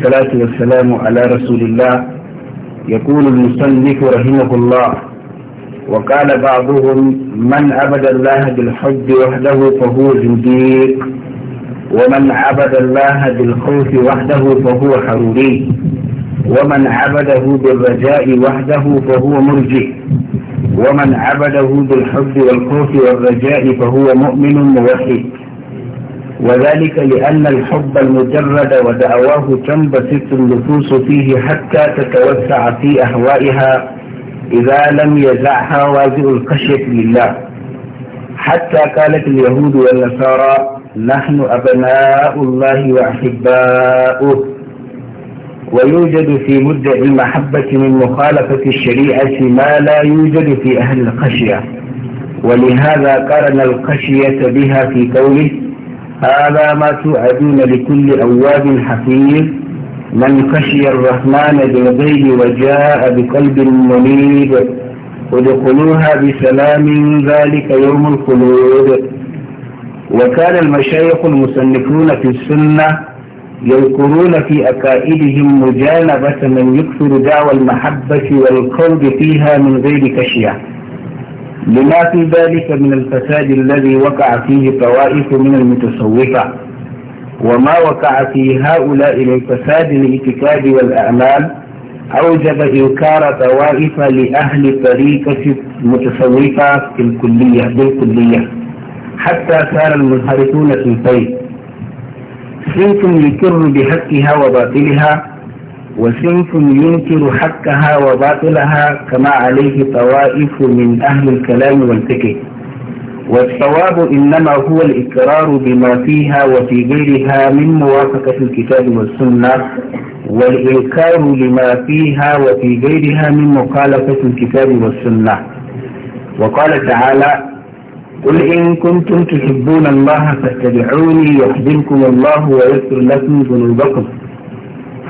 والصلاة والسلام على رسول الله يقول المصنف رحمه الله وقال بعضهم من عبد الله بالحج وحده فهو زنديق ومن عبد الله بالخوف وحده فهو حروري ومن عبده بالرجاء وحده فهو مرجئ ومن عبده بالحب والخوف والرجاء فهو مؤمن موحد وذلك لأن الحب المجرد ودعواه تنبسط النفوس فيه حتى تتوسع في أهوائها إذا لم يزعها وازع الخشية لله حتى قالت اليهود والنصارى نحن أبناء الله وأحباؤه ويوجد في مدعي المحبة من مخالفة الشريعة ما لا يوجد في أهل الخشية ولهذا قرن الخشية بها في قوله هذا ما توعدون لكل أواب حفيظ من خشي الرحمن بالغيب وجاء بقلب منيب ادخلوها بسلام ذلك يوم الخلود وكان المشايخ المصنفون في السنة يذكرون في أكائدهم مجانبة من يكثر دعوى المحبة والقول فيها من غير كشية لما في ذلك من الفساد الذي وقع فيه طوائف من المتصوفة وما وقع في هؤلاء من فساد الاعتقاد والأعمال أوجب إنكار طوائف لأهل طريقة المتصوفة في الكلية بالكلية حتى صار المنحرفون في الفيل سنت يكر بحقها وباطلها وصنف ينكر حقها وباطلها كما عليه طوائف من أهل الكلام والفقه والصواب إنما هو الإقرار بما فيها وفي غيرها من موافقة الكتاب والسنة والإنكار لما فيها وفي غيرها من مخالفة الكتاب والسنة وقال تعالى قل إن كنتم تحبون الله فاتبعوني يحببكم الله ويغفر لكم ذنوبكم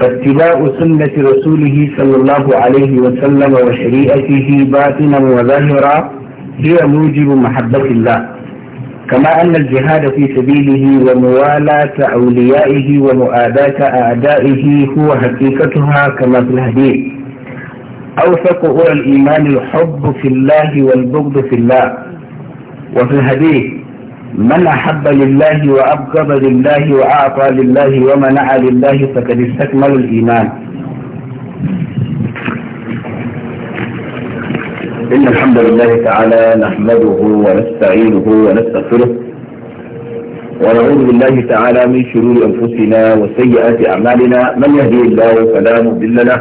فاتباع سنة رسوله صلى الله عليه وسلم وشريعته باطنا وظاهرا هي موجب محبة الله كما أن الجهاد في سبيله وموالاة أوليائه ومؤاداة أعدائه هو حقيقتها كما في الحديث أوثق أولى الإيمان الحب في الله والبغض في الله وفي الحديث من أحب لله وأبغض لله وأعطى لله ومنع لله فقد استكمل الإيمان إن الحمد لله تعالى نحمده ونستعينه ونستغفره ونعوذ بالله تعالى من شرور أنفسنا وسيئات أعمالنا من يهدي الله فلا مضل له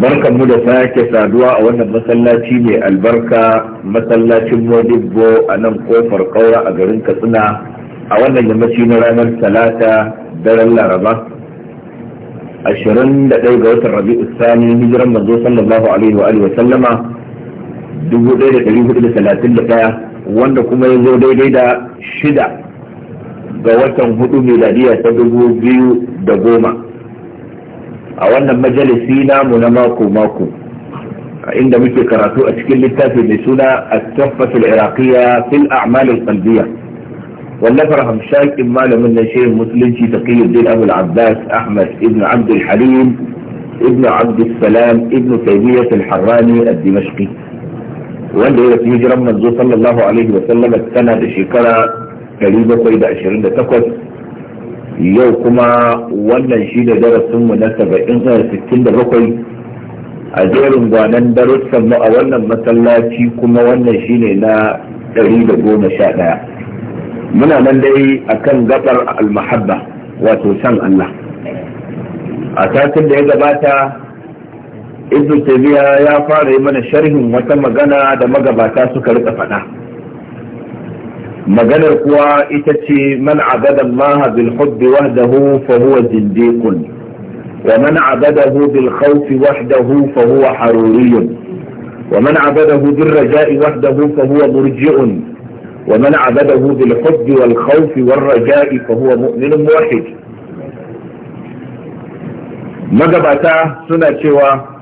barkan mu da sake saduwa a wannan masallaci mai albarka masallacin modibbo a nan kofar kaura a garin katsina a wannan yammaci na ranar talata daren laraba 21 ga watan rabi'u sani hijiran manzo sallallahu alaihi wa alihi wa sallama 1431 wanda kuma ya zo daidai da shida ga watan hudu miladiya ta dubu biyu da goma a wannan majalisi namu na mako mako inda muke karatu a cikin littafi mai suna at-tuhfatu al-iraqiyya fil a'mal al wanda farham hamshakin malamin na shehin musulunci taqiyuddin abul abbas ahmad ibn abd al-halim ibn abd salam ibn taymiyyah al-harrani al dimashqi wanda ya hijiran manzo sallallahu alaihi wa sallam tana da shekara 728 yau kuma wannan shi da darasinmu na saba'in zuwa sittin da bakwai a jerin gwanan darussanmu a wannan masallaci kuma wannan shi ne na ɗari da goma sha ɗaya muna nan dai a kan gabar almahabba wato san Allah a satin da ya gabata ibn tabiya ya fara yi mana sharhin wata magana da magabata suka rika faɗa maganar kuwa ita ce man abada Allah bil hubbi wahdahu fa huwa zindiqun wa man abadahu bil khawfi wahdahu fa huwa haruriyun wa man abadahu bir raja'i wahdahu fa huwa murji'un wa man abadahu bil hubbi wal khawfi war raja'i fa huwa mu'minun muwahhid magabata suna cewa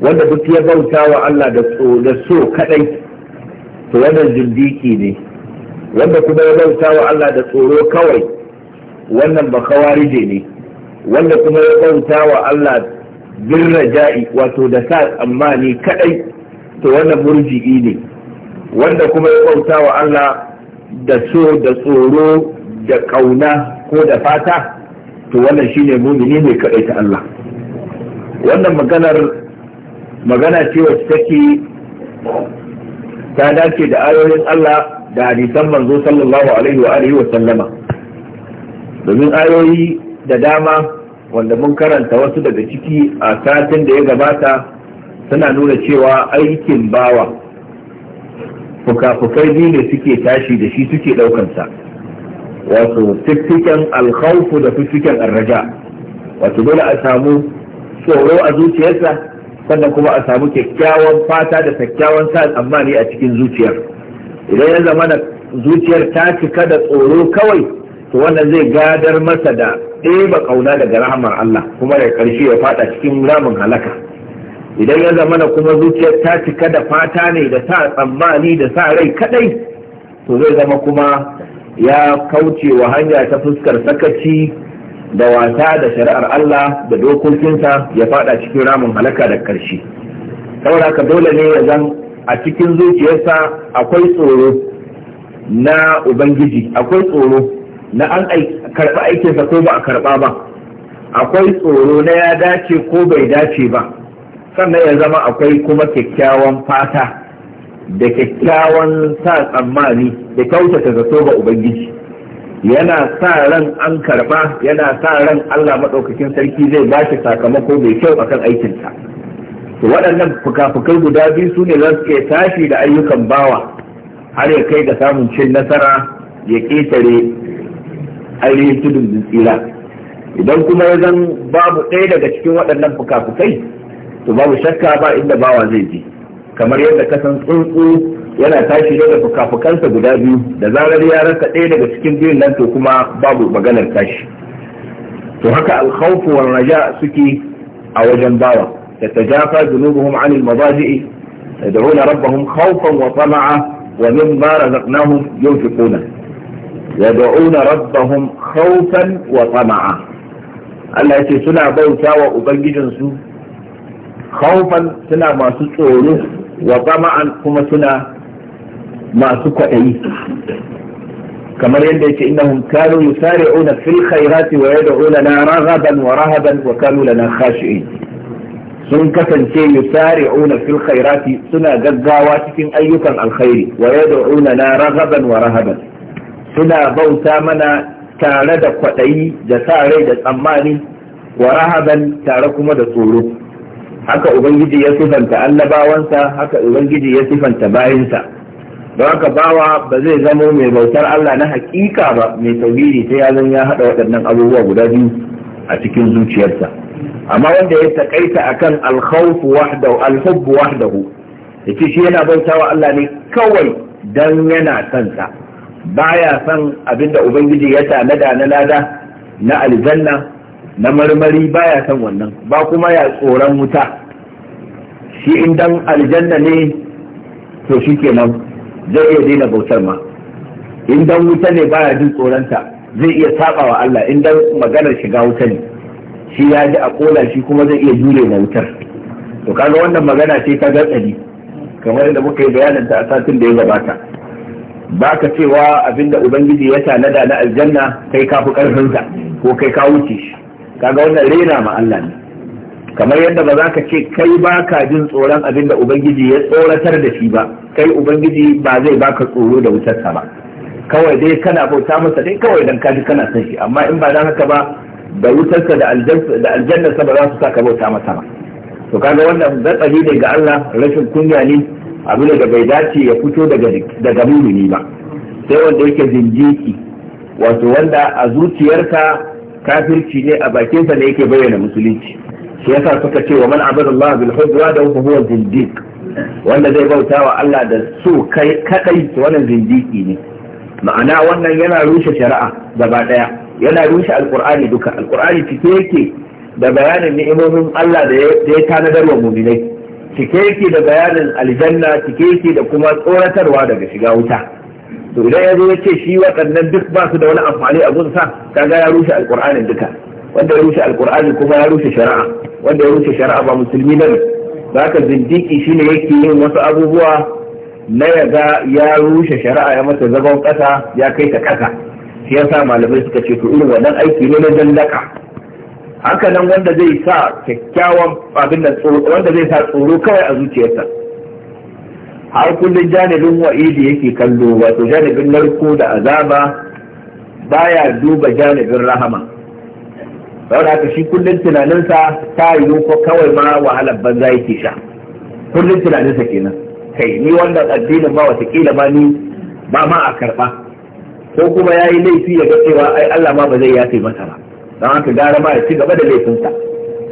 wanda duk ya bauta wa Allah da so kadai to wannan zindiki ne wanda kuma ya bauta wa Allah da tsoro kawai wannan ba kawarije ne wanda kuma ya bauta wa Allah birraja'i, raja'i wato da sa tsammani kadai to wannan murji'i ne wanda kuma ya bauta wa Allah da so da tsoro da kauna ko da fata to wannan shine mumini ne kadai ta Allah wannan maganar magana ce wacce take ta dace da ayoyin Allah da hadisan manzo sallallahu alaihi wa alihi wa sallama domin ayoyi da dama wanda mun karanta wasu daga ciki a satin da ya gabata suna nuna cewa aikin bawa fuka-fukai biyu ne suke tashi da shi suke ɗaukansa wato fiffiken alkhawfu da fiffiken arraja wato dole a samu tsoro a zuciyarsa sannan kuma a samu kyakkyawan fata da kyakkyawan sa ne a cikin zuciyar idan ya zama da zuciyar ta cika da tsoro kawai to wannan zai gadar masa da ɗeba ƙauna daga rahamar Allah kuma da ƙarshe ya fada cikin ramin halaka idan ya zama da kuma zuciyar ta cika da fata ne da sa tsammani da sa rai kadai to zai zama kuma ya kauce wa hanya ta fuskar sakaci da wasa da shari'ar Allah da dokokinsa ya fada cikin ramin halaka da ƙarshe saboda haka dole ne ya zan a cikin zuciyarsa akwai tsoro na ubangiji akwai tsoro na an karɓi aikinsa ko ba a karɓa ba akwai tsoro na ya dace ko bai dace ba sannan ya zama akwai kuma kyakkyawan fata da kyakkyawan sa tsammani da kyautata zato ga ubangiji yana sa ran an karɓa yana sa ran allah maɗaukakin sarki zai ba shi sakamako mai kyau akan aikinsa to waɗannan fuka-fukai guda biyu su ne za su iya tashi da ayyukan bawa har ya kai ga samun cin nasara ya ƙetare ainihin tudun tsira idan kuma ya zan babu ɗaya daga cikin waɗannan fuka-fukai to babu shakka ba inda bawa zai je kamar yadda ka san tsuntsu yana tashi daga fuka-fukansa guda biyu da zarar ya rasa ɗaya daga cikin biyun nan to kuma babu maganar tashi to haka alkhawfu wa raja suke a wajen bawa تتجافى جنوبهم عن المضاجئ يدعون ربهم خوفا وطمعا ومما رزقناهم ينفقون يدعون ربهم خوفا وطمعا الله يتي سنع بوتا وأبنج جنسو خوفا سنع ما سطوله وطمعا كما سنع ما سكعي كما يندي إنهم كانوا يسارعون في الخيرات ويدعوننا رغبا ورهبا وكانوا لنا خاشئين sun kasance yusari'una fil khairati suna gaggawa cikin ayyukan alkhairi wa yad'una na raghaban wa rahaban suna bauta mana tare da kwaɗayi da sa rai da tsammani wa rahaban tare kuma da tsoro haka ubangiji ya sifanta annabawansa haka ubangiji ya sifanta bayinsa don haka bawa ba zai zamo mai bautar Allah na hakika ba mai tauhidi sai ya zan ya haɗa waɗannan abubuwa guda biyu a cikin zuciyarsa amma wanda ya takaita akan kan wahdahu alhubbu wahdahu yace shi yana bautawa Allah ne kawai dan yana son baya son abinda ubangiji ya tanada na lada na aljanna na marmari baya son wannan ba kuma ya tsoron wuta shi in dan aljanna ne to shikenan zai iya daina bautar ma in dan wuta ne baya jin tsoronta zai iya saba wa Allah in dan maganar shiga wuta ne shi ya ji a kola shi kuma zai iya jure na wutar to kaga wannan magana ce ta gatsari kamar yadda muka yi bayanin ta a satin da ya gabata ba ka cewa abinda ubangiji ya tanada na aljanna kai ka fi sa ko kai ka wuce shi kaga wannan rena ma Allah ne kamar yadda ba za ka ce kai ba ka jin tsoron abinda ubangiji ya tsoratar da shi ba kai ubangiji ba zai baka tsoro da wutarsa ba kawai dai kana bauta masa dai kawai dan kaji kana son shi amma in ba dan haka ba da wutarsa da aljannarsa ba za su saka bauta masa ba to kaga wannan gatsari ne ga Allah rashin kunya ne abu ne da bai dace ya fito daga daga mumini ba sai wanda yake zinjiki wato wanda a zuciyarsa kafirci ne a bakinsa ne yake bayyana musulunci shi yasa suka ce wa man abadallahi bil hujra da huwa zindiq wanda zai bauta wa Allah da su kai kadai wannan zindiki ne ma'ana wannan yana rushe shari'a gaba daya yana rushe alkur'ani duka alkur'ani cike yake da bayanin ni'imomin Allah da ya tanadar wa muminai cike yake da bayanin aljanna cike yake da kuma tsoratarwa daga shiga wuta to idan ya zo ya ce shi waɗannan duk ba su da wani amfani a gunsa kaga ya rushe alkur'ani duka wanda ya rushe alkur'ani kuma ya rushe shari'a wanda ya rushe shari'a ba musulmi ba zaka zindiki shine yake yin wasu abubuwa na yaga ya rushe shari'a ya mata zagon ƙasa ya kai ta ƙasa. shi yasa malamai suka ce to irin wannan aiki ne na dallaka haka nan wanda zai sa kyakkyawan abin da wanda zai sa tsoro kawai a zuciyarsa har kullum janibin wa'idi yake kallo wato janibin narko da azaba baya duba janibin rahama saboda haka shi kullum tunaninsa ta yiwu ko kawai ma wahalar banza yake sha Kullum tunaninsa kenan kai ni wannan addinin ma kila ma ni ba ma a karɓa. ko kuma ya yi laifi ya ga cewa ai Allah ma ba zai yafe masa ba don haka gara ma ya ci gaba da laifinsa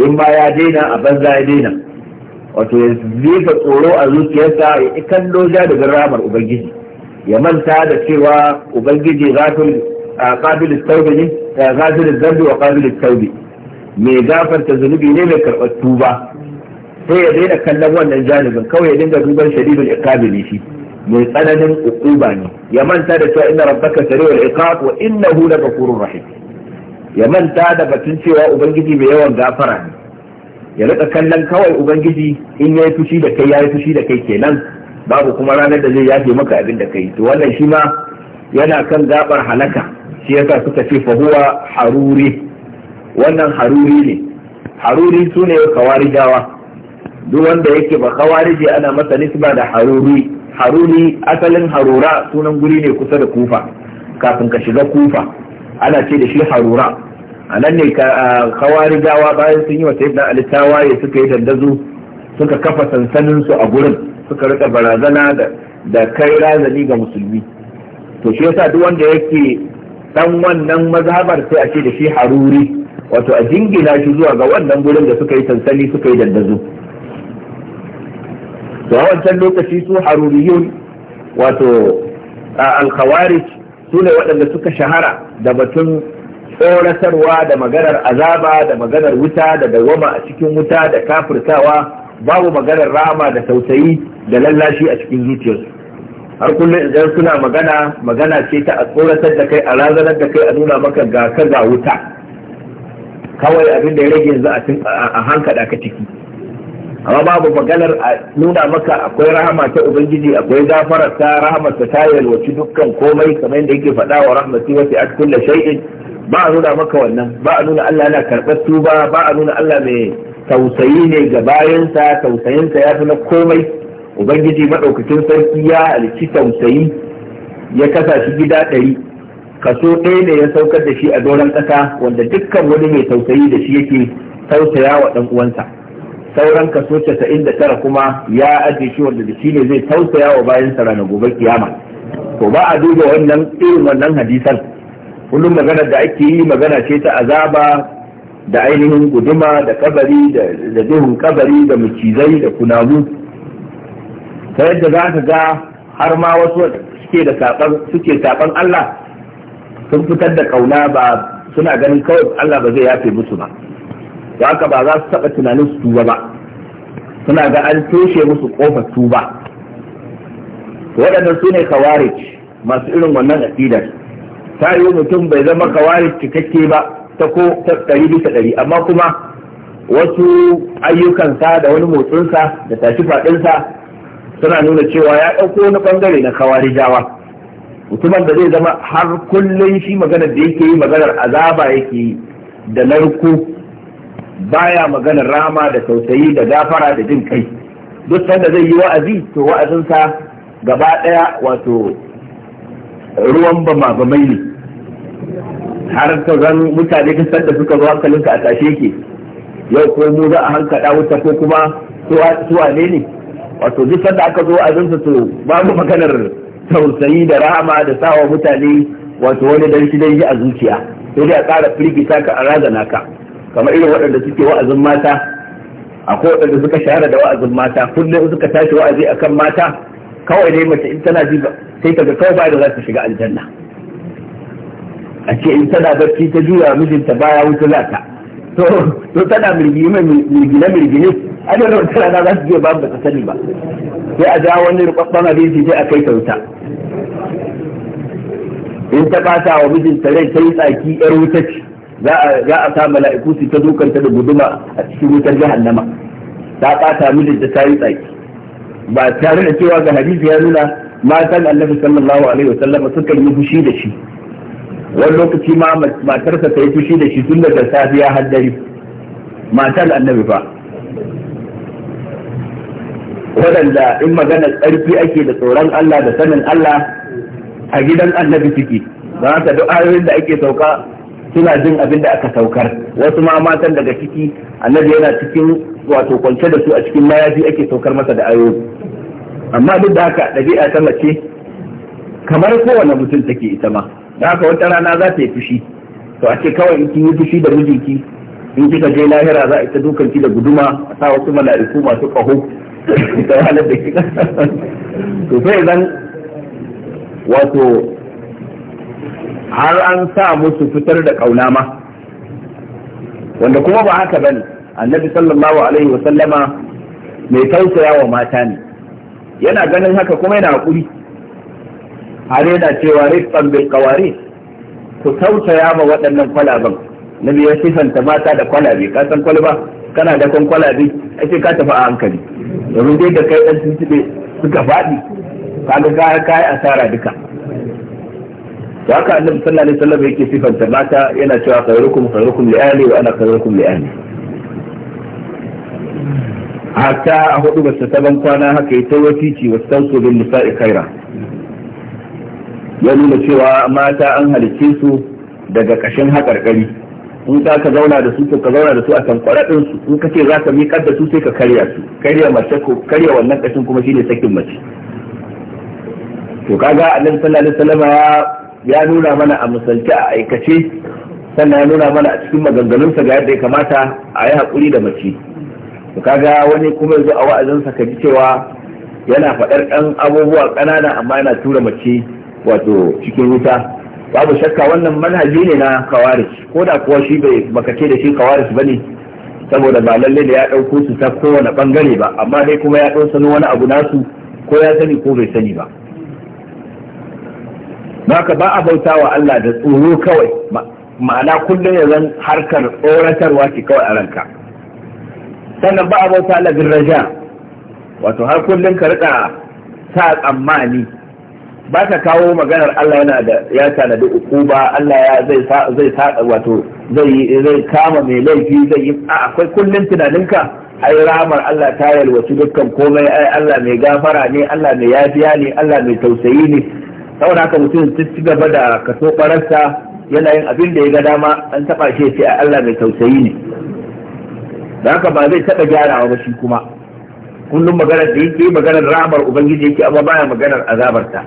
in ba ya daina a banza ya daina wato ya zika tsoro a zuciyarsa ya kallo ja da ramar ubangiji ya manta da cewa ubangiji a kabil tawbi ne zafin zambi wa kabil tawbi mai gafarta zunubi ne mai karɓar tuba sai ya daina kallon wannan janibin kawai ya dinga duban shadidul iqabi shi mai tsananin ukuba ne ya manta da cewa inna rabbaka sari'ul iqab wa innahu lagafurur rahim ya manta da batun cewa ubangiji mai yawan gafara ne ya rika kallon kawai ubangiji in yayi fushi da kai yayi fushi da kai kenan babu kuma ranar da zai yafe maka abin da kai to wannan shi ma yana kan gabar halaka shi yasa suka ce fa huwa haruri wannan haruri ne haruri sune kawarijawa duk wanda yake ba kawarije ana masa nisba da haruri haruri asalin harura sunan guri ne kusa da kufa kafin ka shiga kufa ana ce da shi harura a nan ne kawari gawa bayan sun yi wa sayyidina ali tawaye suka yi dandazo suka kafa sansanin su a gurin suka rika barazana da da kai razani ga musulmi to shi yasa duk wanda yake dan wannan mazhabar sai a ce da shi haruri wato a jingina shi zuwa ga wannan gurin da suka yi sansani suka yi dandazo to a wancan lokaci su haruriyun wato alkhawarij su ne waɗanda suka shahara da batun tsoratarwa da maganar azaba da maganar wuta da dawama a cikin wuta da kafirtawa babu maganar rama da tausayi da lallashi a cikin zuciyarsu har kullum idan suna magana magana ce ta a tsoratar da kai a razanar da kai a nuna maka ga ka ga wuta kawai abin da ya rage yanzu a hankaɗa ka ciki amma babu maganar a nuna maka akwai rahama ta ubangiji akwai gafara ta rahamar ta ta yalwaci dukkan komai kamar yadda yake faɗa wa rahmati wasi at kulli shay'in ba a nuna maka wannan ba a nuna Allah yana karɓar tuba ba a nuna Allah mai tausayi ne ga bayansa tausayinsa ya fi na komai ubangiji madaukakin sarki ya halicci tausayi ya kasa shi gida ɗari kaso ɗaya ne ya saukar da shi a doron ƙasa wanda dukkan wani mai tausayi da shi yake tausaya wa ɗan uwansa sauran kaso casa'in da tara kuma ya ajiye shi wanda da shi ne zai tausaya wa bayan sa ranar gobe kiyama to ba a duba wannan irin wannan hadisan kullum magana da ake yi magana ce ta azaba da ainihin guduma da kabari da duhun kabari da macizai da kunamu ta yadda za ka ga har ma wasu suke da suke saban Allah sun fitar da kauna ba suna ganin kawai Allah ba zai yafe musu ba da haka ba za su taɓa tunanin su tuba ba suna ga an toshe musu ƙofar tuba waɗannan su ne kawarij masu irin wannan aƙidar ta yi mutum bai zama kawarij cikakke ba ta ko ta ɗari bisa ɗari amma kuma wasu ayyukansa da wani motsinsa da tashi faɗinsa suna nuna cewa ya ɗauko wani ɓangare na kawarijawa mutumin da zai zama har kullum shi maganar da yake yi maganar azaba yake yi da narko baya magana rama da tausayi da gafara da jin kai duk sanda zai yi wa'azi to wa'azinsa gaba daya wato ruwan bama bamai ne har ka zan mutane duk sanda suka zo hankalinka a tashe ke yau ko mu za a hankada wuta ko kuma su wane ne wato duk sanda aka zo wa'azinsa to babu maganar tausayi da rama da sawa mutane wato wani dan shi dan yi a zuciya sai dai a tsara firgita ka a razana ka kamar irin waɗanda suke wa'azin mata akwai waɗanda suka shahara da wa'azin mata kullum suka tashi wa'azi akan mata kawai dai mace in tana ji sai ta ga kawai ba da za ta shiga aljanna a ce in tana barci ta juya mijinta baya wuce za ta to tana mirgi Mirgi na mirgi ne. a da wata na za su je ba ta sani ba sai a ja wani rubabban abinci sai a kai ta wuta in ta bata wa mijinta rai ta yi tsaki yar wuta ce za a sa mala'iku su ta dukanta da guduma a cikin wutar jahannama ta ɓata mijin da ta yi tsaki ba tare da cewa ga hadisi ya nuna matan annabi sallallahu alaihi wasallam suka yi fushi da shi wani lokaci ma matarsa ta yi fushi da shi tun daga safiya har dare matan annabi fa waɗanda in magana ƙarfi ake da tsoron Allah da sanin Allah a gidan annabi suke don ta duk ayoyin da ake sauka suna jin abin da aka saukar wasu ma matan daga ciki annabi yana cikin wato kwance da su a cikin mayafi ake saukar masa da ayo amma duk da haka ɗabi'a ta mace kamar kowane mutum take ita ma da haka wata rana za ta yi fushi to a ce kawai in kin yi fushi da mijinki in kika je lahira za a ita ki da guduma a sa wasu mala'iku masu ƙaho ta wahalar da kika to sai zan wato har an sa musu fitar da kauna ma wanda kuma ba haka bane annabi sallallahu alaihi wa sallama mai tausaya wa mata ne yana ganin haka kuma yana hakuri har yana cewa rifan bil qawari ku tausaya ma waɗannan kwalaban nabi ya sifanta mata da kwalabe ka san kwalba kana da kan kwalabe ake ka tafi a hankali domin dai da kai dan tuntube suka faɗi kaga ka kai asara duka to haka annabi sallallahu alaihi wasallam yake sifanta mata yana cewa khairukum khairukum li ahli wa ana khairukum li ahli hatta a hudu ba ta ban kwana haka ita wasici wa tansu bin nisa'i khaira ya nuna cewa mata an halicce su daga kashin haƙarƙari in za ka zauna da su to ka zauna da su a tankwara ɗin su in ka ce za ka miƙar da su sai ka karya su karya mace ko karya wannan kashin kuma shine sakin mace to kaga annabi sallallahu alaihi wasallam ya ya nuna mana a musalci a aikace sannan ya nuna mana a cikin maganganunsa ga yadda ya kamata a yi haƙuri da mace ka kaga wani kuma yanzu a wa'azinsa ka ji cewa yana faɗar ɗan abubuwa ƙanana amma yana tura mace wato cikin wuta babu shakka wannan manhaji ne na kawarish ko da kuwa shi bai makace da shi ba ne? saboda ba lalle da ya ɗauko su ta kowane ɓangare ba amma dai kuma ya ɗau sani wani abu nasu ko ya sani ko bai sani ba haka ba a bauta wa Allah da tsoro kawai ma'ana kullum ya zan harkar tsoratarwa ce kawai a ranka sannan ba a bauta Allah bin raja wato har kullum ka rika sa tsammani ba ka kawo maganar Allah yana da ya tanadi uku ba. Allah ya zai zai sa wato zai zai kama mai laifi zai yi akwai kullum tunaninka ai ramar Allah ta yalwaci dukkan komai ai Allah mai gafara ne Allah mai yafiya ne Allah mai tausayi ne saboda haka mutum ta ci gaba da kaso bararsa yana yin abin da ya ga dama an taɓa shi ce a Allah mai tausayi ne da haka ba zai taɓa gyarawa ba shi kuma kullum maganar da yake maganar rahmar ubangiji yake amma baya maganar azabarta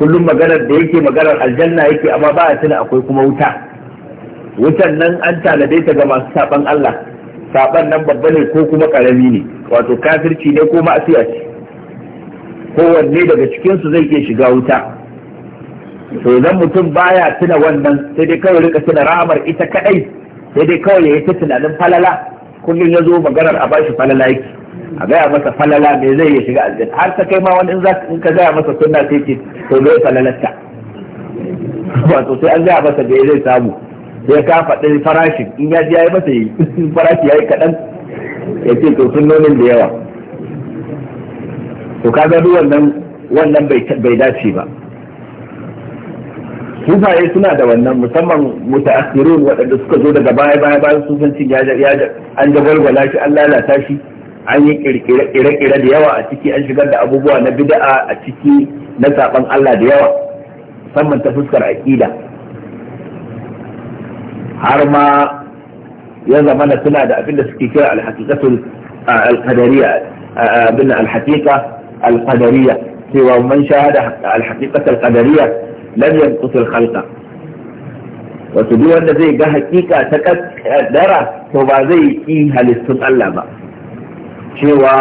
kullum maganar da yake maganar aljanna yake amma baya tuna akwai kuma wuta wutan nan an tanade ta ga masu saban Allah saban nan babba ne ko kuma karami ne wato kafirci ne ko ma'asiya ce kowanne daga cikinsu zai iya shiga wuta to idan mutum baya tuna wannan sai dai kawai rika tuna ramar ita kadai sai dai kawai ya yi ta tunanin falala kullum ya zo maganar a bashi falala yake a gaya masa falala me zai ya shiga aljanna har ta kai ma wani in za ka gaya masa sunna sai ce to me falalarta wato sai an gaya masa me zai samu sai ka faɗi farashin in ya ji ya yi masa yi farashi ya yi kaɗan ya ce to sun nonin da yawa to kaga duk wannan wannan bai dace ba sufaye suna da wannan musamman mutaakhirun waɗanda suka zo daga baya baya bayan sufancin ya ya an jabalwala shi an lalata shi an yi kirkire-kirkire da yawa a ciki an shigar da abubuwa na bid'a a ciki na saban Allah da yawa musamman ta fuskar aqida har ma ya zama na suna da abin da suke kira al-haqiqatul al abin cewa man shahada al qadariyya lam yanqusul khalqa wato duk wanda zai ga hakika ta kaddara to ba zai ki halittun Allah ba cewa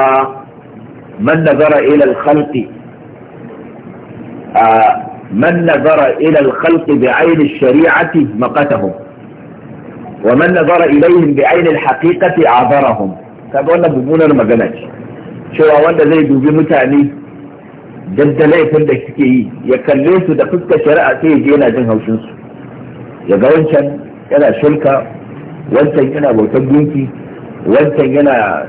man nazara ila al-khalqi من نظر إلى الخلق بعين الشريعة مقتهم ومن نظر إليهم بعين الحقيقة عذرهم kaga wannan mummunar magana ce cewa wanda zai dubi mutane da laifin da suke yi ya kalle su da fuskar shari'a sai ya je yana jin haushinsu. su ya ga wancan yana shirka wancan yana bautar gunki wancan yana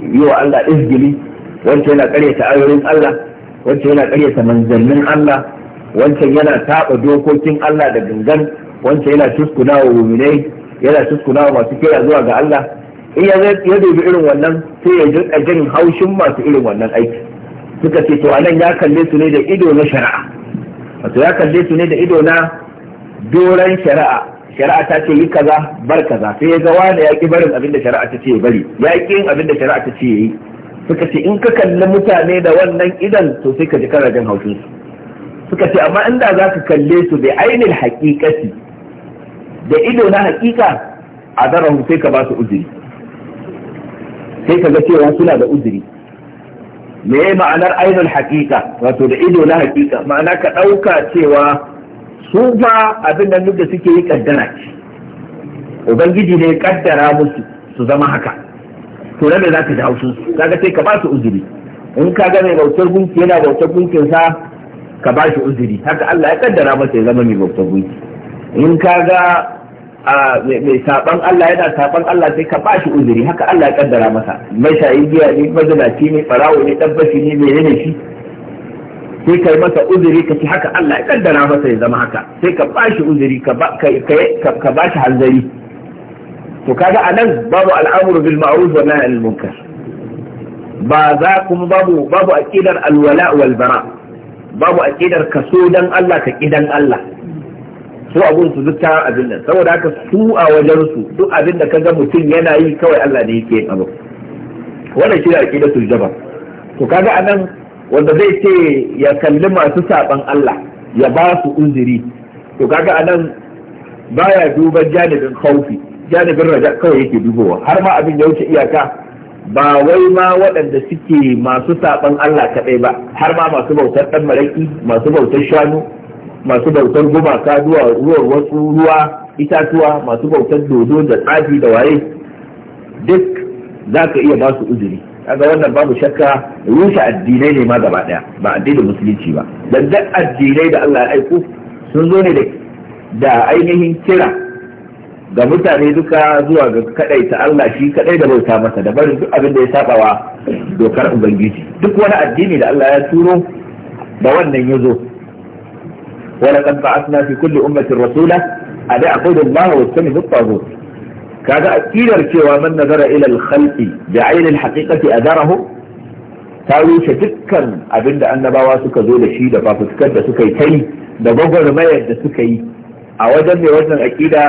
yi wa Allah izgili wancan yana karyata ayoyin Allah wancan yana karyata manzannin Allah wancan yana taɓa dokokin Allah da gangan wancan yana tuskuna wa muminai yana tuskuna wa masu kira zuwa ga Allah in ya dubi irin wannan sai ya jin haushin masu irin wannan aiki suka ce to anan ya kalle su ne da ido na shari'a wato ya kalle su ne da ido na doran shari'a shari'a ta ce yi kaza bar kaza sai ya ga wani ya ki barin abinda shari'a ta ce ya bari ya ki yin abin shari'a ta ce ya yi suka ce in ka kalli mutane da wannan idan to sai ka ji kana jin haushin su suka ce amma inda za ka kalle su da ainihin haƙiƙasi da ido na haƙiƙa a darahu sai ka ba su uzuri sai ka ga cewa suna da uzuri me ma'anar ainul hakika wato da ido na hakika ma'ana ka ɗauka cewa su ba abin nan da suke yi kaddara ce ubangiji ne kaddara musu su zama haka to da za ka ji haushin su kaga sai ka ba su uzuri in ka ga mai bautar gunki yana bautar gunkin sa ka ba shi uzuri haka Allah ya kaddara masa ya zama mai bautar gunki in ka ga mai saban Allah yana saban Allah sai ka bashi uzuri haka Allah ya kaddara masa mai shayi giya ne mazinaci ne farawo ne tabbashi ne mai ne shi sai kai masa uzuri ka ci haka Allah ya kaddara masa ya zama haka sai ka bashi uzuri ka bashi hanzari to kaga anan babu al'amuru bil ma'ruf wa nahy anil munkar ba za kuma babu babu aqidar alwala wal bara babu aqidar kaso dan Allah ka kidan Allah su abun su duk ta abin nan saboda haka su a wajen su duk abin da kaga mutum yana yi kawai Allah ne yake yin abu wannan shi da aqidatul jabar to kaga anan wanda zai ce ya kalli masu saban Allah ya ba su uzuri to kaga anan baya duban janibin khaufi janibin raja kawai yake dubowa har ma abin ya wuce iyaka ba wai ma waɗanda suke masu saban Allah kaɗai ba har ma masu bautar ɗan maraƙi masu bautar shanu masu bautar gumaka ruwar wasu ruwa itatuwa masu bautar dodo da tsafi da waye duk za ka iya ba su uzuri kaga wannan babu shakka rushe addinai ne ma gaba daya ba addinin musulunci ba dan duk addinai da Allah ya aiko sun zo ne da ainihin kira ga mutane duka zuwa ga ta Allah shi kadai da bauta masa da barin duk abin da ya sabawa dokar ubangiji duk wani addini da Allah ya turo da wannan ya zo ولقد بعثنا في كل أمة رسولا أن اعبدوا الله واجتنبوا الطاغوت كذا أكيدر cewa من نظر إلى الخلق بعين الحقيقة أدره ta rushe dukkan abinda da annabawa suka zo da shi da fafutukar da suka yi kai da gwagwarmayar da suka yi a wajen mai wannan aƙida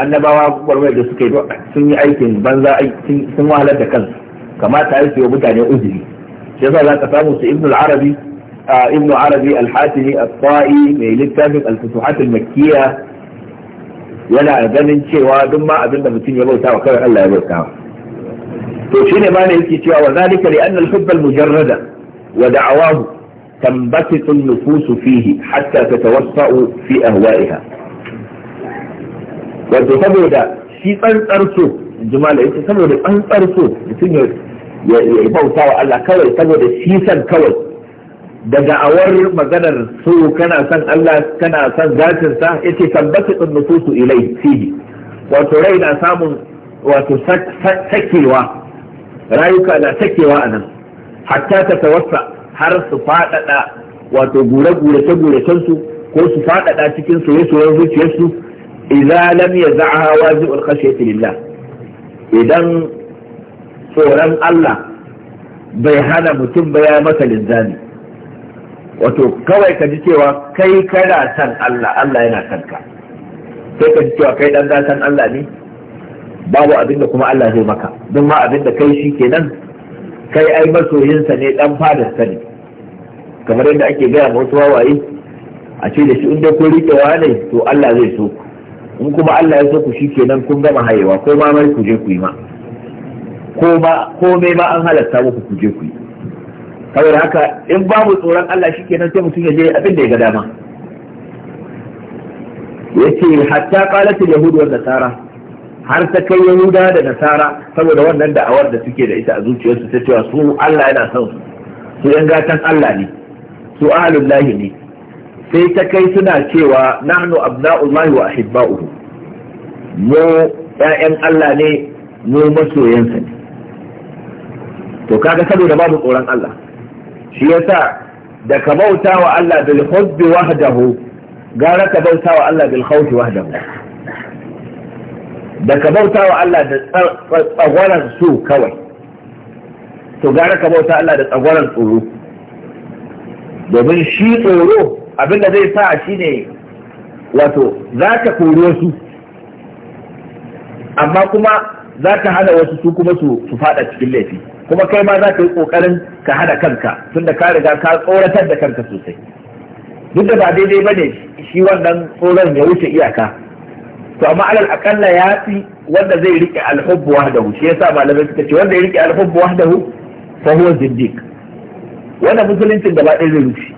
annabawa gwagwarmayar da suka yi sun yi aikin banza sun wahalar da kansu kamata a yi mutane uzuri shi yasa za ka samu su ibnul arabi آه، ابن عربي الحاتمي الطائي مي للتامل الفتوحات المكية ولا أجنن شيء وادما أبن مبتين يبوي تاوى كبير ألا يبوي تاوى توشيني ما نلكي شيء وذلك لأن الحب المجرد ودعواه تنبسط النفوس فيه حتى تتوسأ في أهوائها وتصبر ده شيء أنترسو جمالة يتصبر ده أنترسو يتصبر ده يبوي تاوى ألا كبير يتصبر ده شيء أنترسو daga awar maganar su kana son Allah kana son zatinsa yace tabbata din nufusu ilai fihi wato rai na samun wato sakewa rayuka na sakewa a nan hatta ta tawassa har su fadada wato gure gure ta gure su ko su fadada cikin soyayyen zuciyarsu idza lam yaz'aha wazi'ul khashyati lillah idan tsoron Allah bai hana mutum ba ya masa linzami wato kawai ka ji cewa kai kana san Allah Allah yana san ka sai ka ji cewa kai dan san Allah ne babu abin da kuma Allah zai maka don ma abin da kai shi kenan kai ai masoyinsa ne dan fadar sani. kamar yadda ake gaya ma wasu wawaye a ce da shi in dai kun riƙewa ne to Allah zai so in kuma Allah ya so ku shi kenan kun gama hayewa ko ma mai ku je ku yi ma ko ma komai ma an halatta muku ku je ku yi kawai haka in babu tsoron Allah shi kenan sai mutum ya je abin da ya ga dama yace hatta qalat yahudu wa nasara har ta kai yahuda da nasara saboda wannan da'awar da suke da ita a zuciyarsu ta cewa su Allah yana son su su yan gatan Allah ne su ahlul lahi ne sai ta kai suna cewa nahnu abna'ullahi wa ahibba'uhu mu ƴaƴan Allah ne mu masoyansa ne to kaga saboda babu tsoron Allah shi yasa da ka bauta wa Allah bil khawfi wahdahu gara ka bauta wa Allah bil khawfi wahdahu da ka bauta wa Allah da tsagwaran su kawai to gara ka bauta Allah da tsagwaran tsoro domin shi tsoro abinda zai sa shi ne wato za ka kori wasu amma kuma za ka hana wasu su kuma su faɗa cikin laifi kuma kai ma za ka yi kokarin ka hada kanka tunda ka riga ka tsoratar da kanka sosai duk da ba daidai bane shi wannan tsoron ya wuce iyaka to amma alal akalla ya fi wanda zai rike alhubbu wahdahu shi yasa malamai suka ce wanda ya rike alhubbu wahdahu fa huwa zindiq wannan musuluncin gaba ɗaya zai rushe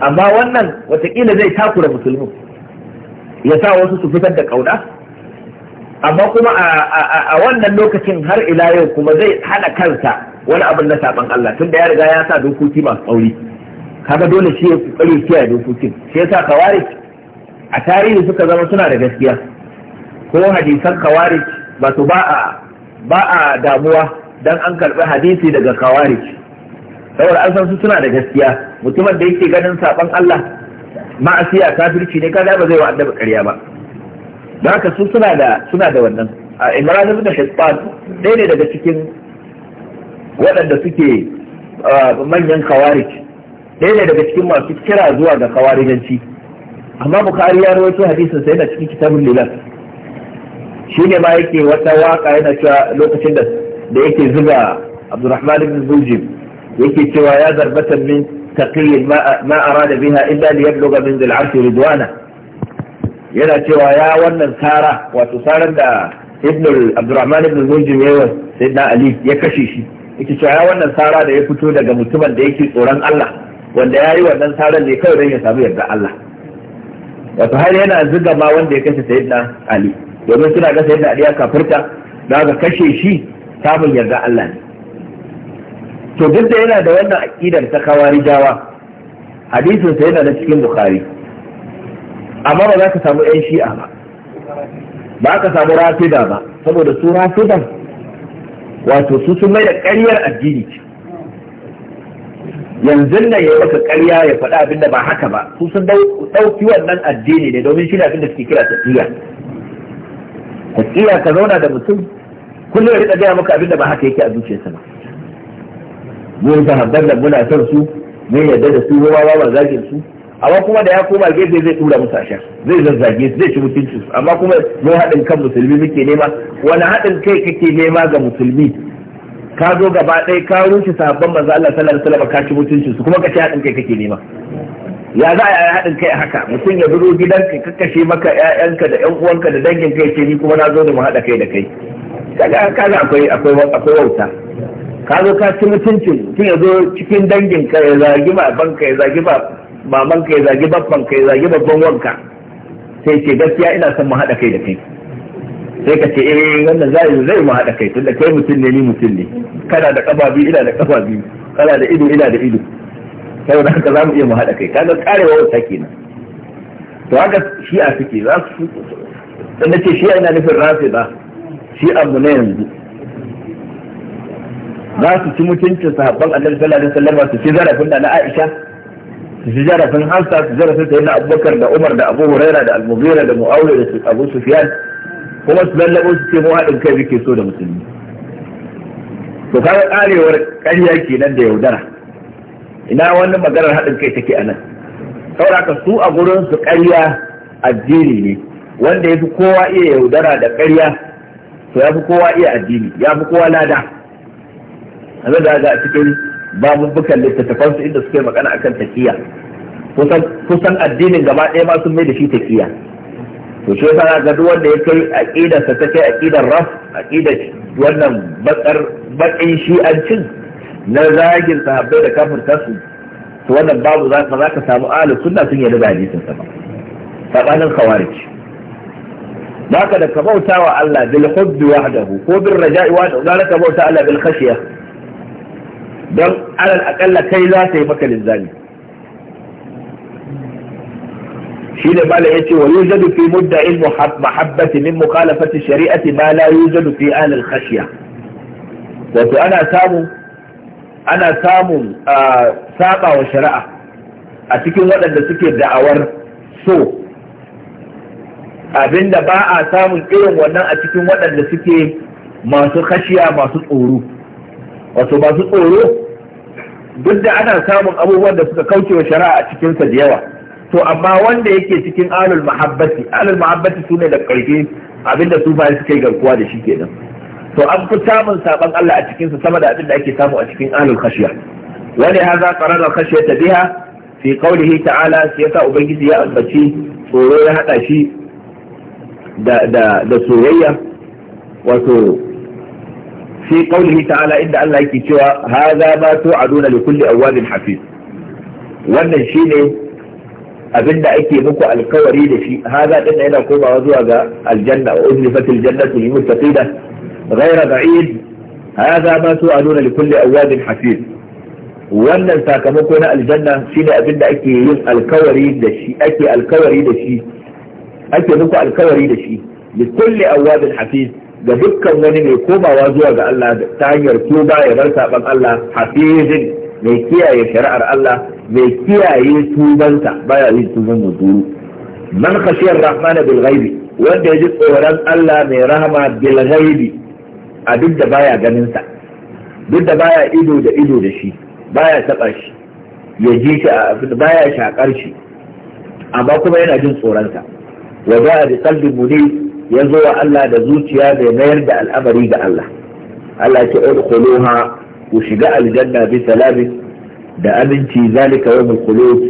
amma wannan watakila zai takura musulmi ya sa wasu su fitar da ƙauna? amma kuma a wannan lokacin har ila yau kuma zai hana kansa wani abin na saban Allah da ya riga ya sa dokoki masu tsauri kaga dole shi ya shi kiyaye dokokin shi yasa kawarij a tarihi suka zama suna da gaskiya ko hadisan kawarij ba su ba a damuwa don an karɓi hadisi daga kawarij saboda an san su suna da gaskiya mutumin da yake ganin saban Allah ma'asiya kafirci ne kaga ba zai wa annabi ƙarya ba da haka su suna da suna da wannan a imran ibn hisban dai ne daga cikin waɗanda suke manyan khawarij dai ne daga cikin masu kira zuwa ga kawarijanci amma bukari ya rawaito hadisin sai na cikin kitabul lilal shine ne ma yake wata waka yana cewa lokacin da da yake zuba abdurrahman ibn zujib yake cewa ya zarbatan min taqiyin ma arada biha illa liyablugha min dhil arsh ridwana yana cewa ya wannan sara wato saran da ibn abdurrahman ibn muljim yayin sayyidina ali ya kashe shi yake cewa ya wannan sara da ya fito daga mutumin da yake tsoron Allah wanda ya yi wannan saran ne kawai don ya samu yarda Allah wato har yana zuga ma wanda ya kashe sayyidina ali domin suna ga sayyidina ali ya kafirta da ga kashe shi samun yarda Allah ne to duk da yana da wannan aqidar ta kawarijawa hadisin sai yana da cikin bukhari amma ba za ka samu yan shi'a ba ba ka samu rafida ba saboda su rafidan wato su sun mai da ƙaryar addini ce yanzu nan ya maka ƙarya ya faɗa abin da ba haka ba su sun ɗauki wannan addini ne domin shi ne abin da suke kira tafiya tafiya ka zauna da mutum kullum ya riƙa gaya maka abin da ba haka yake a zuciyarsa ba mun ta habbar da muna son su mun yarda da su ruwa ba zagin su amma kuma da ya koma gefe zai tura musu ashar zai zazzage zai ci su amma kuma mu haɗin kan musulmi muke nema wani haɗin kai kake nema ga musulmi ka zo gaba ɗaya ka rushe sahabban manzo Allah sallallahu alaihi wasallam ka ci mutuncin su kuma ka ci haɗin kai kake nema ya za a yi haɗin kai haka mutum ya biro gidan ka kashe maka ƴaƴanka da ƴan uwanka da dangin kai ce ni kuma na zo da mu haɗa kai da kai kaga kaga akwai akwai akwai wauta ka zo ka ci mutuncin mutum ya zo cikin dangin ka ya zagi ba banka ya zagi ba maman ka ya zagi babban ka ya zagi babban wanka sai ce gaskiya ina son mu haɗa kai da kai sai ka ce eh wannan zai zai mu haɗa kai tunda kai mutum ne ni mutum ne kana da kafa ina da kafa kana da ido ina da ido saboda haka za mu iya mu haɗa kai kana karewa wata kenan to haka a suke za su dan nace shi ina nufin ba. Shi abu na yanzu za su ci mutuncin sahabban annabi sallallahu alaihi wasallam su ci zarafin da na Aisha sujada sun hansa sujada sun sayi na abubakar da umar da abu huraira da almubira da mu'awiyar da abu sufiyan kuma su lallabo su ce mu haɗin kai muke so da musulmi to kaga karewar ƙarya kenan da yaudara ina wani maganar haɗin kai take nan sauraka su a gurin su ƙarya addini ne wanda ya fi kowa iya yaudara da ƙarya to ya fi kowa iya addini Ya fi kowa lada a a cikin babubukan littattafan su inda suka yi magana akan takiya kusan addinin gaba ɗaya ma sun mai da shi takiya to shi yasa ga duk wanda ya kai aqidar sa ta kai aqidar raf aqidar wannan bakar bakin shi'ancin na zagin sahabbai da kafirta su to wannan babu za ka za ka samu ahlus sunna sun yarda da hadisin sa ba sabanin khawarij baka da ka bautawa Allah bil hubbi wahdahu ko bil raja'i wahdahu ka bauta Allah bil khashiyah don alal akalla kai za ta yi maka linzami shi da bala ya ce wa yuzadu fi mudda in mahabbati min mukhalafati shari'ati ma la yuzadu fi alal khashiya wato ana samu ana samu a saba wa shari'a a cikin waɗanda suke da'awar so abinda ba a samun irin wannan a cikin waɗanda suke masu khashiya masu tsoro wato masu tsoro duk da ana samun abubuwan da suka kauce wa shari'a a cikinsa da yawa to amma wanda yake cikin alul mahabbati alul mahabbati su ne da ƙarfi abinda su bayan suka yi garkuwa da shi kenan to an fi samun saban Allah a cikinsa sama da abin da ake samu a cikin alul khashiya wani haza qarana khashiyata biha fi qawlihi ta'ala sai yasa ubangiji ya ambaci tsoro ya hada shi da da da soyayya wato في قوله تعالى إن الله يكتوى هذا ما توعدون لكل أواب حفيظ وانا الشيء أبن أكي مكو القوري لشيء هذا إن إلى قوم وزوى الجنة وأذلفت الجنة المستقيدة غير بعيد هذا ما توعدون لكل أواب حفيظ وأن ساكمكونا الجنة شيني أبن أكي القوري لشيء أكي القوري لشيء أكي مكو القوري لشيء لكل أواب حفيظ ga dukkan wani mai komawa zuwa ga Allah ta hanyar tuba ya bar saban Allah hafizin mai kiyaye shari'ar Allah mai kiyaye tubansa baya yin tuban muturu man khashiyar rahmana bil ghaibi wanda ya ji tsoron Allah mai rahama bil ghaibi a duk da baya ganin sa duk da baya ido da ido da shi baya taba shi ya ji shi baya shakar shi amma kuma yana jin tsoron sa wa ba'a bi munib ya zo wa Allah da zuciya bai mayar da al'amari ga Allah Allah ya ce udkhuluha ku shiga aljanna bi salamin da aminci zalika yawmul khulud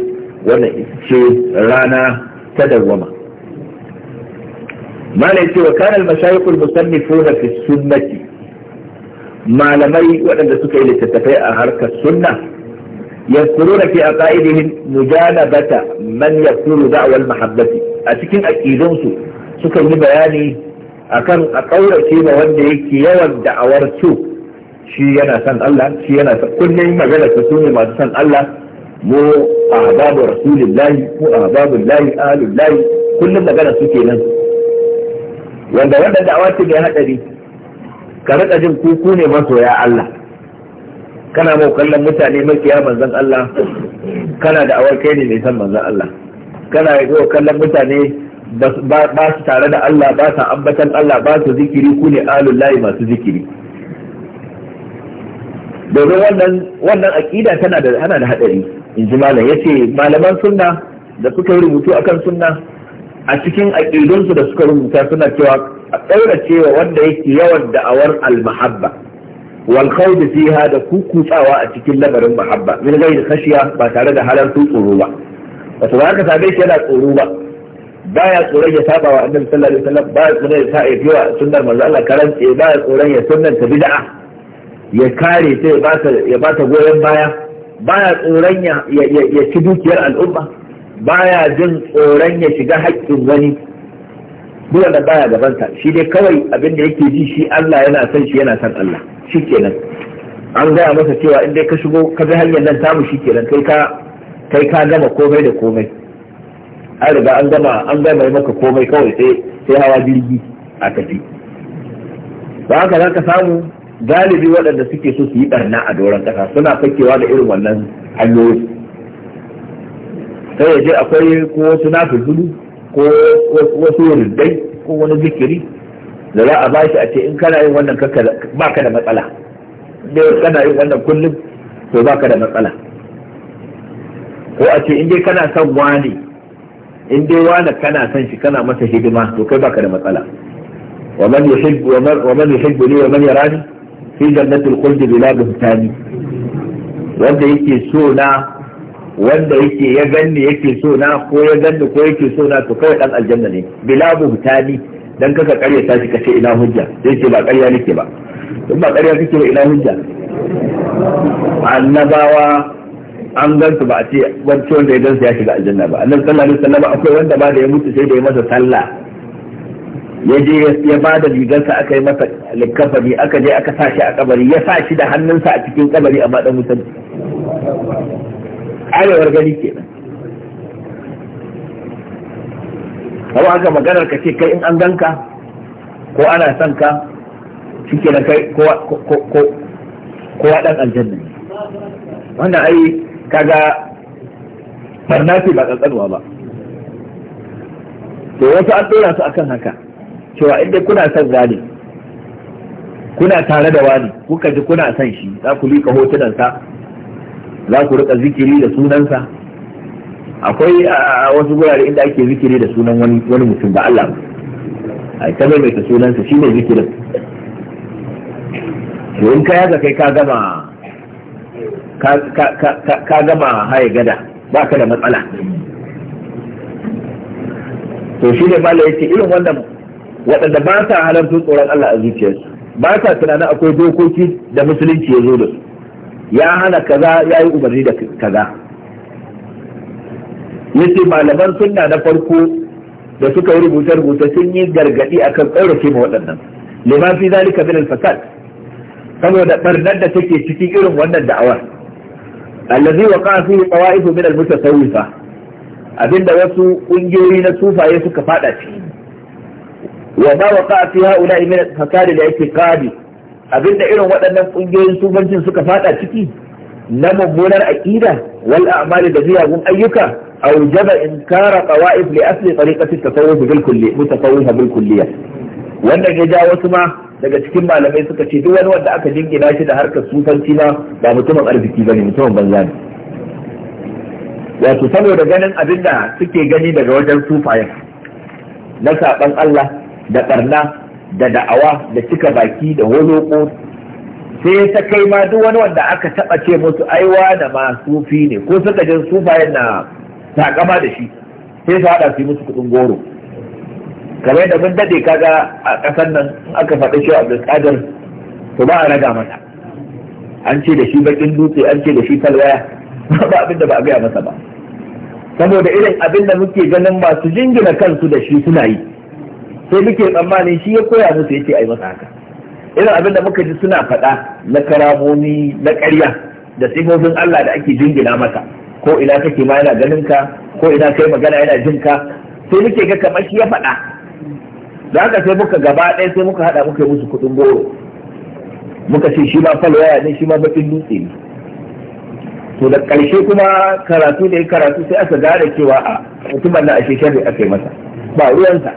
wannan ita ce rana ta dawwama malai ce wa kana al-mashayikh fi sunnati malamai waɗanda suka yi littattafai a harkar sunna يذكرون a عقائدهم مجانبة من يذكر دعوة muhabbati a cikin سوء suka yi bayani akan a kaurace ma wanda yake yawan da'awar su shi yana san Allah shi yana san kullum magana ta su ne masu san Allah mu ahbabu rasulillahi mu ahbabu lahi ahlul lahi kullum magana su kenan wanda wanda da'awa ce mai hadari ka rika jin kuku ne masoya Allah kana mau kallon mutane makiya manzon Allah kana da'awar kai ne mai san manzon Allah kana yi kallon mutane ba su tare da Allah ba su ambatan Allah ba su zikiri ku ne alul layi masu zikiri domin wannan wannan aqida tana da hana da hadari in ji malam yace malaman sunna da suka yi rubutu akan sunna a cikin aqidunsu da suka rubuta suna cewa a kauracewa wanda yake yawan da'awar al-mahabba wal khawd fiha da kukutsawa a cikin labarin mahabba min gairi khashiya ba tare da halar tsoro ba wato ba ka same shi yana tsoro ba baya tsoron ya saba wa annabi sallallahu alaihi wasallam baya tsoron ya sa biwa sunnar manzo Allah karance baya tsoron ya sunnanta bid'a ya kare ta ya bata ya bata goyen baya baya tsoron ya ya ci dukiyar al'umma baya jin tsoron ya shiga haƙƙin wani duk da baya gabanta shi dai kawai abin da yake ji shi Allah yana son shi yana son Allah shikenan an gaya masa cewa in dai ka shigo ka bi hanyar nan tamu shikenan kai ka kai ka gama komai da komai an riga an gama an gama yi maka komai kawai sai sai hawa jirgi a tafi ba haka za ka samu galibi waɗanda suke so su yi ɓarna a doron ƙasa suna fakewa da irin wannan hanyoyi sai ya je akwai ko wasu nafilulu ko wasu riddai ko wani zikiri da za a bashi a ce in kana yin wannan ba ka da matsala in kana yin wannan kullum to ba ka da matsala ko a ce in dai kana son wani in dai wani kana son shi kana masa hidima to kai baka da matsala wa man yuhibbu wa man yuhibbu li wa man yarani fi jannatil khuld bila buhtani wanda yake so na wanda yake ya ganni yake so na ko ya ganni ko yake so na to kawai dan aljanna ne bila buhtani dan kaka karya ta shi kace ina hujja sai ce ba karya nake ba in ba karya kake ba ina hujja annabawa an gansu ba a ce wacce wanda ya gansu ya shiga aljanna ba annabi sallallahu alaihi wasallam akwai wanda ba da ya mutu sai da ya masa sallah ya je ya ba da rigarsa aka yi masa likafari aka je aka sa shi a kabari ya sa shi da hannunsa a cikin kabari a dan wutar arewar gani kenan kawai haka maganar ka ce kai in an ganka ko ana son ka shi na kai ko dan aljanna wannan ai kaga farna ce ba tsantsanuwa ba to wasu an dora su akan haka cewa inda kuna son gane kuna tare da wani kuka ji kuna son shi za ku liƙa hotunansa za ku rika zikiri da sunansa akwai a wasu gurare inda ake zikiri da sunan wani mutum ba Allah a ta maimaita sunansa shi ne zikirin to in ka yaga kai ka gama ka gama haye gada ba ka da matsala to shi ne malai yake irin wannan waɗanda ba sa halartun tsoron Allah a zuciyarsu ba sa tunanin akwai dokoki da musulunci ya zo da su ya hana kaza ya yi umarni da kaza yace malaman sunna na farko da suka yi rubuce-rubuce sun yi gargadi akan tsaurace ma waɗannan lima fi zalika min al-fasad saboda barnar da take cikin irin wannan da'awar allazi waqa fihi tawa'ifu min al-mutasawwifa abinda wasu kungiyoyi na sufaye suka fada ciki wa ma waqa fi ha'ula'i min al da yake itiqadi abinda irin waɗannan kungiyoyin sufancin suka fada ciki na mummunar aqida wal a'mal da miyagun ayyuka أوجب إنكار طوائف لأصل طريقة التصوف بالكلية Wannan ya ja wasu ma. daga cikin malamai suka ce duk wani wanda aka jingina shi da harkar sufanci ma ba mutumin arziki ne mutumin banza ne wato saboda ganin abin da suke gani daga wajen sufayen na saɓan Allah da ɓarna da da'awa da cika baki da holoko sai ta kai ma duk wani wanda aka taɓa ce musu aiwa da ma sufi ne ko suka jin sufayen na takama da shi sai su haɗa su yi musu kuɗin goro kamar yadda mun dade kaga a ƙasar nan in aka faɗi shi Abdul Qadir to ba a raga masa an ce da shi bakin dutse an ce da shi talwaya ba abin da ba a gaya masa ba saboda irin abin da muke ganin masu jingina kansu da shi suna yi sai muke tsammanin shi ya koya musu yace ai masa haka irin abin da muka ji suna faɗa na karamomi na ƙarya da sifofin Allah da ake jingina masa ko ina kake ma yana ganin ka ko ina kai magana yana jin ka sai nake ga kamar shi ya faɗa da haka sai muka gaba ɗaya sai muka haɗa muka yi musu kuɗin goro muka ce shi ma falwaya ne shi ma baƙin dutse ne to da ƙarshe kuma karatu da ya karatu sai aka gane cewa a ah, mutumin na ashe sharri aka yi masa ba ruwansa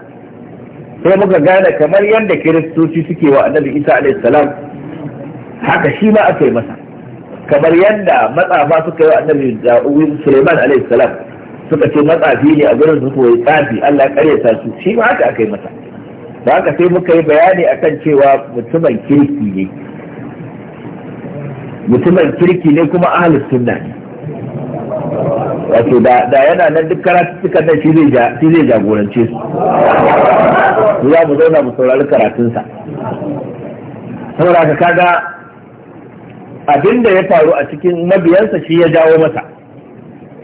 sai muka gane kamar yadda kiristoci suke wa annabi isa alayhi salam haka shi ma aka yi masa kamar yadda matsafa suka yi wa annabi suleiman alayhi salam suka ce matsafi ne a gurin su ya tsafi Allah ya karyata su shi ma haka aka yi masa da haka sai muka yi bayani akan cewa mutumin kirki ne mutumin kirki ne kuma ahalus sunna ne wato da yana nan duk karatuttukan nan shi zai jagorance su za mu zauna mu saurari karatunsa saboda ka kaga abinda ya faru a cikin mabiyansa shi ya jawo masa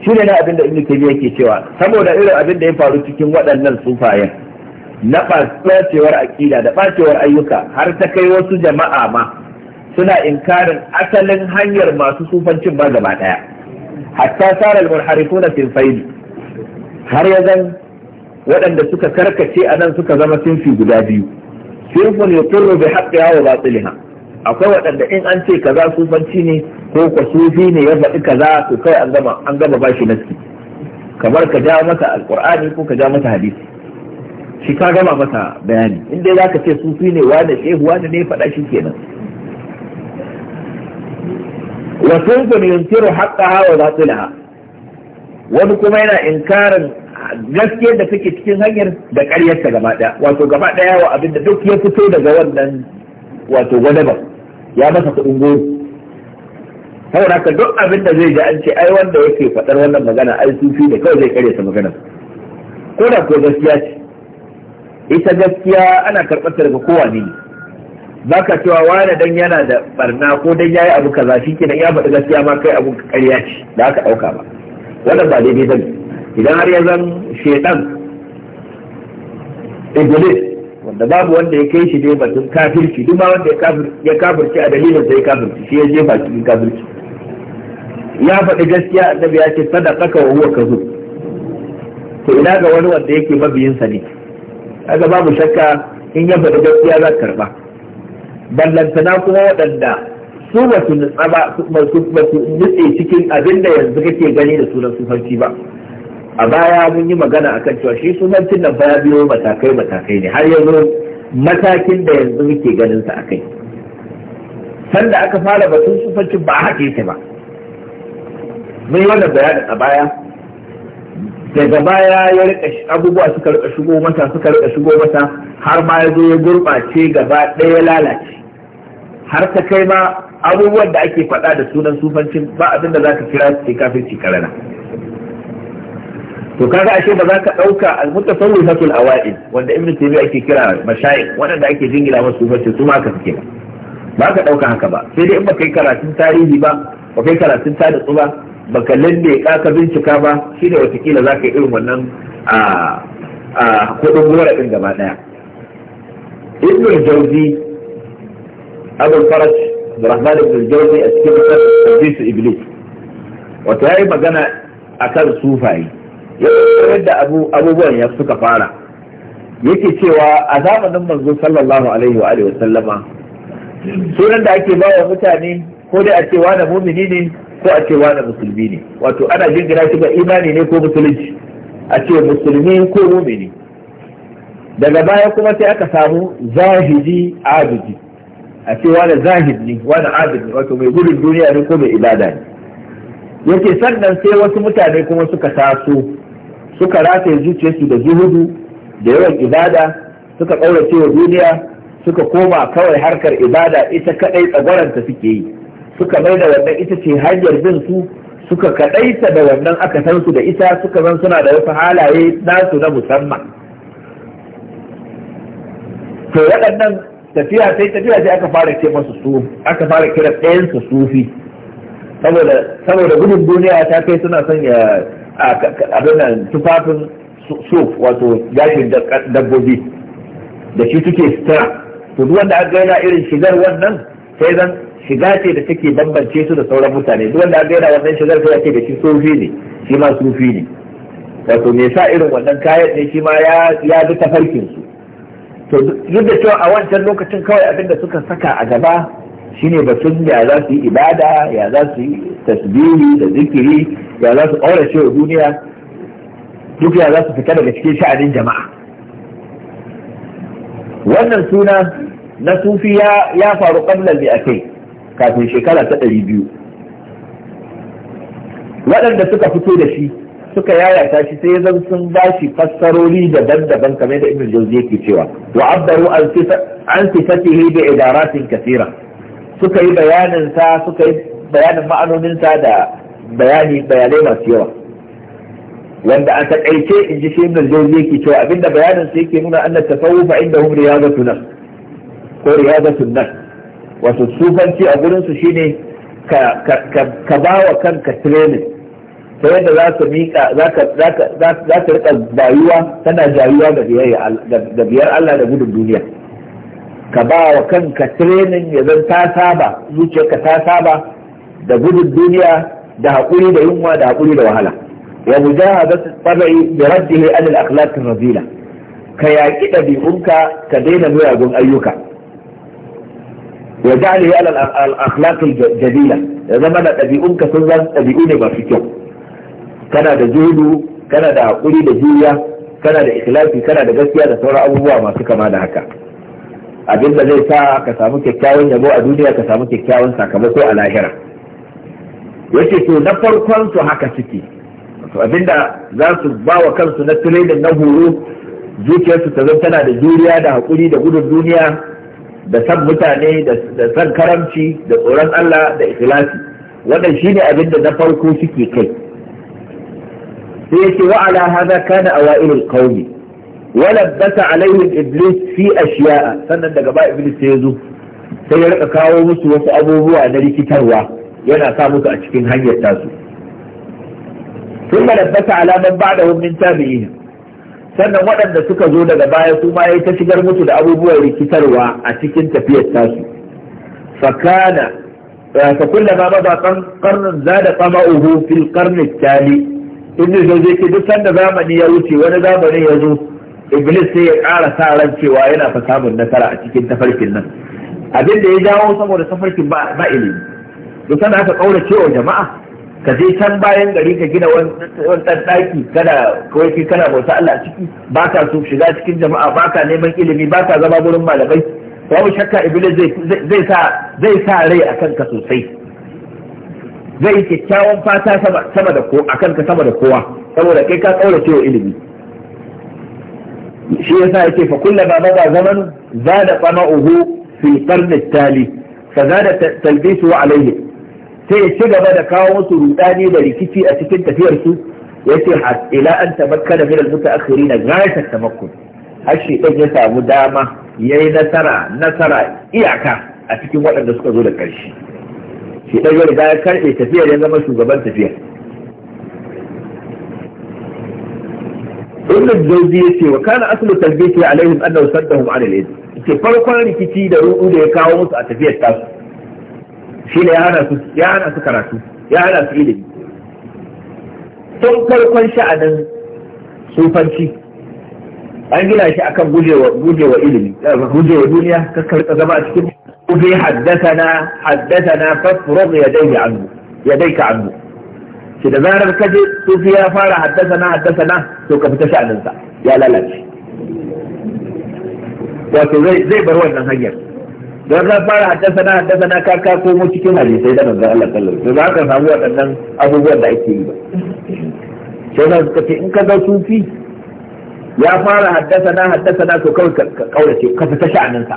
shi ne na abinda da ibn taymiya yake cewa saboda irin abinda ya faru cikin waɗannan sufayen na ɓacewar aƙida da ɓacewar ayyuka har ta kai wasu jama'a ma suna inkarin asalin hanyar masu sufancin ba gaba ɗaya hatta sara al-munharifuna na har ya zan waɗanda suka karkace a nan suka zama sinfi guda biyu sinfun yuqirru bi haqqiha wa batiliha akwai waɗanda in an ce kaza sufanci ne ko ka sufi ne ya faɗi kaza to kai an gama an gama bashi naski kamar ka ja masa alqur'ani ko ka ja masa hadisi shi ka gama masa bayani inda za ka ce sufi ne wa da shehu da ne faɗa shi kenan wa sunfun yunkiru za su laha. wani kuma yana inkarin gaske da take cikin hanyar da ƙaryarta gaba ɗaya wato gaba ɗaya wa abinda duk ya fito daga wannan wato ba ya masa kuɗin goro saboda haka duk abin da zai ji an ce ai wanda yake faɗar wannan magana ai sufi ne kawai zai karyata magana ko da ko gaskiya ce ita gaskiya ana karɓar daga kowa ne ba ka cewa wane dan yana da barna ko dan yayi abu kaza shi kenan ya faɗi gaskiya ma kai abu ƙarya ce da aka ɗauka ba wannan ba daidai ba idan har ya zan shedan iblis wanda babu wanda ya kai shi ne batun kafirci duk ma wanda ya kafirci a dalilin sai kafirci shi ya jefa cikin kafirci ya faɗi gaskiya annabi ya ce ka wa huwa kazu. to ina ga wani wanda yake mabiyinsa ne kaga babu shakka in ya faɗi gaskiya za karba ballantana kuma waɗanda su ba su nutsa ba su nutse cikin abin da yanzu kake gani da sunan sufanci ba a baya mun yi magana akan cewa shi sunancin nan baya biyo matakai matakai ne har yanzu matakin da yanzu muke ganin sa akai sanda aka fara batun sufancin ba a haƙe ba mun yi wannan bayanin a baya daga baya ya rika abubuwa suka rika shigo mata suka rika shigo mata har ma ya zo ya gurɓace gaba ɗaya lalace har ta kai ma abubuwan da ake faɗa da sunan sufancin ba abin da za ka kira su ce kafirci karana to kaga ashe ba za ka ɗauka al a awa'il wanda ibn taymiya ake kira mashayin waɗanda ake jingila masu sufanci su ma ka suke ba ba ka ɗauka haka ba sai dai in ba kai karatun tarihi ba ba kai karatun tarihi ba baka lalle ka ka bincika ba shi da watakila za ka yi irin wannan a kudin gora ɗin gaba ɗaya ibn jauzi abu faraj rahman ibn jauzi a cikin tafsir iblis ya yayi magana akan sufayi yadda abubuwan ya suka fara yake cewa a zamanin manzo sallallahu alaihi wa sallama sunan da ake bawa mutane ko dai a cewa na mumini ne ko a ce wani musulmi ne wato ana jingina shi ga imani ne ko musulunci a ce musulmi ko mumini daga baya kuma sai aka samu zahidi abidi a ce wani zahid ne wani abidi ne wato mai gudun duniya ne ko mai ibada ne yake sannan sai wasu mutane kuma suka taso suka rataye zuciyarsu da zuhudu da yawan ibada suka ƙaura cewa duniya suka koma kawai harkar ibada ita kadai tsagwaranta suke yi suka mai da wannan ita ce hanyar bin su suka kadaita da wannan aka san su da ita suka zan suna da wasu halaye nasu na musamman to waɗannan tafiya sai tafiya sai aka fara ce masu su aka fara kira ɗayan su sufi saboda saboda gudun duniya ta kai suna son ya abin tufafin suf wato gashin dabbobi da shi suke sutura to duk wanda aka gaina irin shigar wannan sai zan shiga ce da take bambance su da sauran mutane duk wanda ga yana wannan shigar sai ake da shi sufi ne shi ma sufi ne wato me yasa irin wannan kayan ne shi ma ya bi tafarkin su to duk da cewa a wancan lokacin kawai abin da suka saka a gaba shine batun ya za su yi ibada ya za su yi tasbihi da zikiri ya za su aure shi duniya duk ya za su fita daga cikin sha'anin jama'a wannan suna na sufi ya faru ƙamlar a kai. kafin shekara ta ɗari biyu waɗanda suka fito da shi suka yayata shi sai zan sun ba shi fassaroli daban-daban kamar da ibn jauzi yake cewa wa abdaru an sifatihi bi idaratin kasira suka yi bayanin suka yi bayanin ma'anoninsa da bayani bayanai masu yawa wanda a taƙaice in ji shi ibn jauzi yake cewa abinda bayanin yake nuna anna tasawuf indahum riyadatu nafs ko riyadatu nafs wato sufanci a gurinsu shine ka ba wa kanka training ta yadda za ka miƙa za ka rika bayuwa tana jayuwa da biyar Allah da gudun duniya ka ba wa kanka training ya zan ta saba zuciyarka ta saba da gudun duniya da haƙuri da yunwa da haƙuri da wahala ya mujahada tsarrai da raddihi anil akhlaqir razila ka yaƙi ɗabi'unka ka daina miyagun ayyuka wa ja'ali ala al-akhlaq al-jadila ya zama da ɗabi'unka sun zan ɗabi'u ne masu kyau kana da judu kana da hakuri da juriya kana da ikhlasi kana da gaskiya da sauran abubuwa masu kama da haka abin da zai sa ka samu kyakkyawan yabo a duniya ka samu kyakkyawan sakamako a lahira yace to na farkon su haka suke to abinda za su ba wa kansu na training na horo zuciyarsu ta zama tana da juriya da hakuri da gudun duniya da san mutane da san karamci da tsoron Allah da ikhlasi wannan shine abin da na farko suke kai sai yake wa ala hada kana awailul qawmi wala labbasa alaihim iblis fi ashiya'a sannan daga ba iblis sai yazo sai ya rika kawo musu wasu abubuwa na rikitarwa yana sa musu a cikin hanyar tasu ثم لبس على من بعدهم من تابعيهم sannan waɗanda suka zo daga baya su ma ya ta shigar mutu da abubuwan rikitarwa a cikin tafiyar tasu fakana eh, fa kullama maza qarnun zada uhu fil qarni tali ibnu zai ke duk sanda zamani ya wuce wani zamanin ya zo iblis sai ya ƙara sa ran cewa yana fa samun nasara a cikin tafarkin nan abin da ya jawo saboda tafarkin ba ilimi duk sanda aka kaura cewa jama'a ka je can bayan gari ka gina wani ɗan ɗaki kana kawai kana bauta Allah ciki ba ka so shiga cikin jama'a ba ka neman ilimi ba ka zama gurin malamai babu shakka iblis zai sa zai sa rai a kanka sosai zai yi kyakkyawan fata sama da ko a kanka sama da kowa saboda kai ka kaurace cewa ilimi shi yasa yake fa ba ba zamanu zada qama'uhu fi qarni tali fa zada talbisu alaihi sai ya ci gaba da kawo musu rudani da rikici a cikin tafiyar su yace ila an tabakkana min al-mutaakhirin ghayat tamakkun har shi ɗan ya samu dama yayi nasara nasara iyaka a cikin waɗanda suka zo da ƙarshe shi ɗan ya riga ya karbe tafiyar ya zama shugaban tafiyar ibn al-jawzi yace wa kana aslu talbiti alaihim annahu saddahum an al-ilm farkon rikici da ru'u da ya kawo musu a tafiyar tasu shi ne ya hana su karatu ya hana su ilimi tun farkon sha'anin sufanci an gina shi akan gujewa ilimi gujewa duniya kakkarka zama a cikin kufi haddasana haddasana fasfurog ya daika anhu ya daika anhu shi da zarar ka je sufi ya fara haddasana haddasana to ka fita sha'aninsa ya lalace wato zai bar wannan hanyar don ka fara haddasa haddasa ka ka komo cikin hadisai da manzon Allah sallallahu alaihi wasallam ka samu waɗannan abubuwan da ake yi ba sai da ka ce in ka ga sufi ya fara haddasa na haddasa na to kawai ka kaurace ka fita sha'aninsa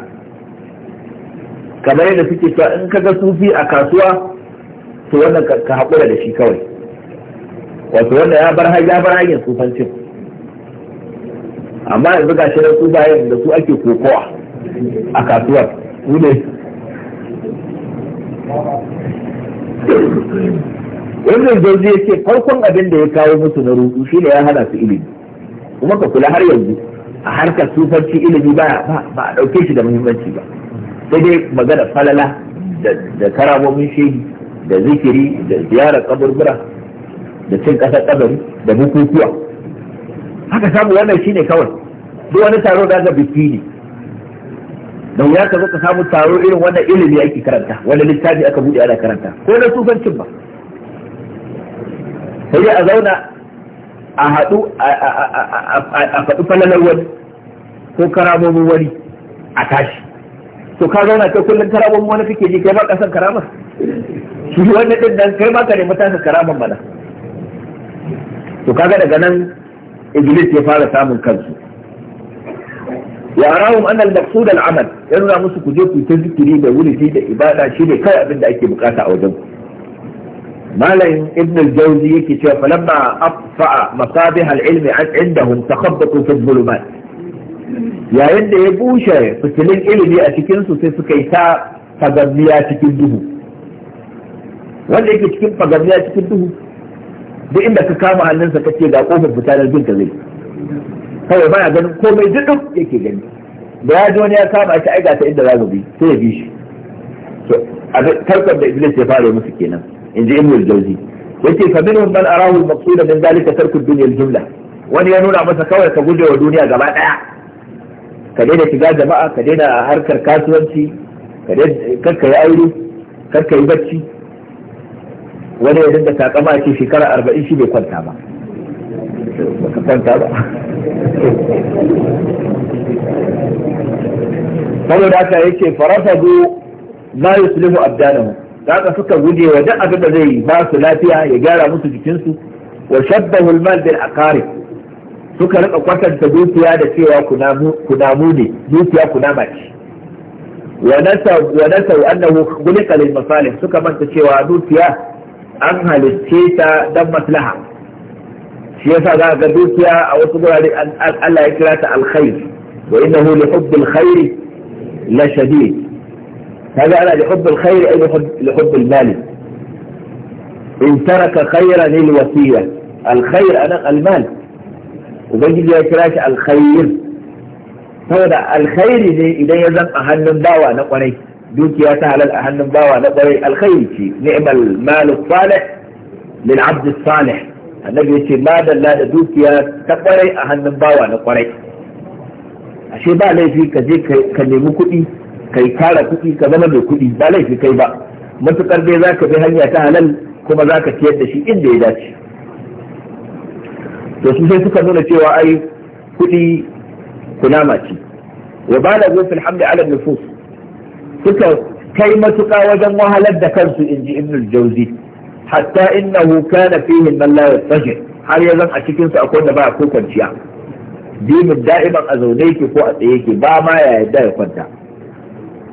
kamar yadda suke cewa in ka ga sufi a kasuwa to wannan ka haƙura da shi kawai wato wanda ya bar ya bar hanyar sufancin amma yanzu ga shi da su bayan da su ake kokowa a kasuwar ne wannan ya ce farkon abin da ya kawo musu na rudu shi ne ya hana su ilimi kuma ka kula har yanzu a harkar sufarci ilimi ba a ɗauke shi da muhimmanci ba sai dai magana falala da karamomin shehi da zikiri da ziyarar kaburbura da cin ƙasar kabari da bukukuwa haka samu wannan ne kawai duk wani taro da biki ne don ya ka zo ka samu taro irin wannan ilimi ake karanta wanda littafi aka buɗe ana karanta ko na sufancin ba sai a zauna a haɗu a faɗi falalar wani ko karamomin wani a tashi to ka zauna kai kullum karamomin wani kake ji kai ba ƙasan karamar shi wani ɗin nan kai ba ka nemi tasa karamar mana to kaga daga nan iblis ya fara samun kansu wa arahum anna al-maqsud al-amal ya nuna musu ku je ku ta zikiri da wulidi da ibada shi ne kai abin da ake bukata a wajen malamin ibn al-jawzi yake cewa falamma affa masabih al-ilm indahum takhabbatu fi dhulumat yayin da ya bushe fitilun ilimi a cikin su suka yi ta fagamniya cikin duhu wanda yake cikin fagamniya cikin duhu duk inda ka kama hannunsa kace ga kofar fita na jinka zai kawai baya ganin komai duk duk yake gani da ya ji wani ya kama shi aiga ta inda za mu bi sai ya bi shi to tarkar da iblis ya fara musu kenan in ji ibnul jawzi yace fa minhum man arahu al-maqsuda min dalika tarku ad-dunya al-jumla wani ya nuna masa kawai ka guje wa duniya gaba daya ka daina shiga jama'a ka daina harkar kasuwanci ka daina karka yi aure karka yi bacci wani ya dinga takama ce shekara arba'in shi bai kwanta ba baka kwanta ba saboda haka yake farafadu ma yuslihu abdanahu haka suka guje wa duk abin da zai ba su lafiya ya gyara musu jikinsu wa shabbahu almal bin aqarib suka rika kwatanta dukiya da cewa kunamu ne dukiya kunama ce wa nasau annahu khuliqa lil masalih suka manta cewa dukiya an halicce ta dan maslaha shi yasa za ga dukiya a wasu gurare Allah ya kira ta alkhair wa innahu li hubbil khair la shadid kaga ana li hubbil khair ay li hubbil mal in taraka khairan lil wasiya alkhair ana almal ubangiji ya kira shi alkhair saboda alkhairi ne idan ya zan a hannun bawa na kwarai dukiya ta halal a hannun bawa na kwarai alkhairi ce ni'mal malu salih lil abd salih annabi ya ce ma dalla da dukiya ta kwarai a hannun bawa na kwarai ashe ba laifi ka je ka nemi kuɗi ka yi tara kuɗi ka zama mai kuɗi ba laifi kai ba matukar dai za ka bi hanya ta halal kuma za ka ciyar da shi inda ya dace to su sai suka nuna cewa ai kuɗi kunama ce wa ba da zofin hamdi ala nufus suka kai matuƙa wajen wahalar da kansu in ji ibnul jauzi حتى إنه كان فيه من لا يتجه هل يزن أشكين سأكون نباع كوكا جيا ديم دائما أزوليك فوق أتيك با ما يدى يقدر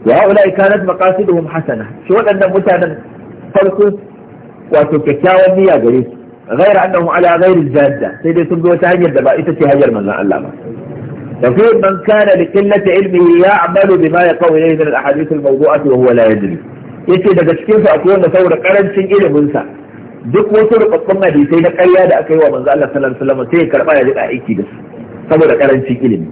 وهؤلاء كانت مقاصدهم حسنة شو أن متانا فرق وتكتا ونيا قريب غير أنهم على غير الجادة سيدة سنبو تهجر دباء إتتي هجر من الله وفي من كان لقلة علمه يعمل بما يقوم إليه من الأحاديث الموضوعة وهو لا يدري yace daga cikin su akwai wanda saboda karancin ilimin sa duk wasu rubutun hadisai na ƙarya da aka yi wa manzo Allah sallallahu alaihi wasallam sai ya karba ya rika aiki da su saboda karancin ilimi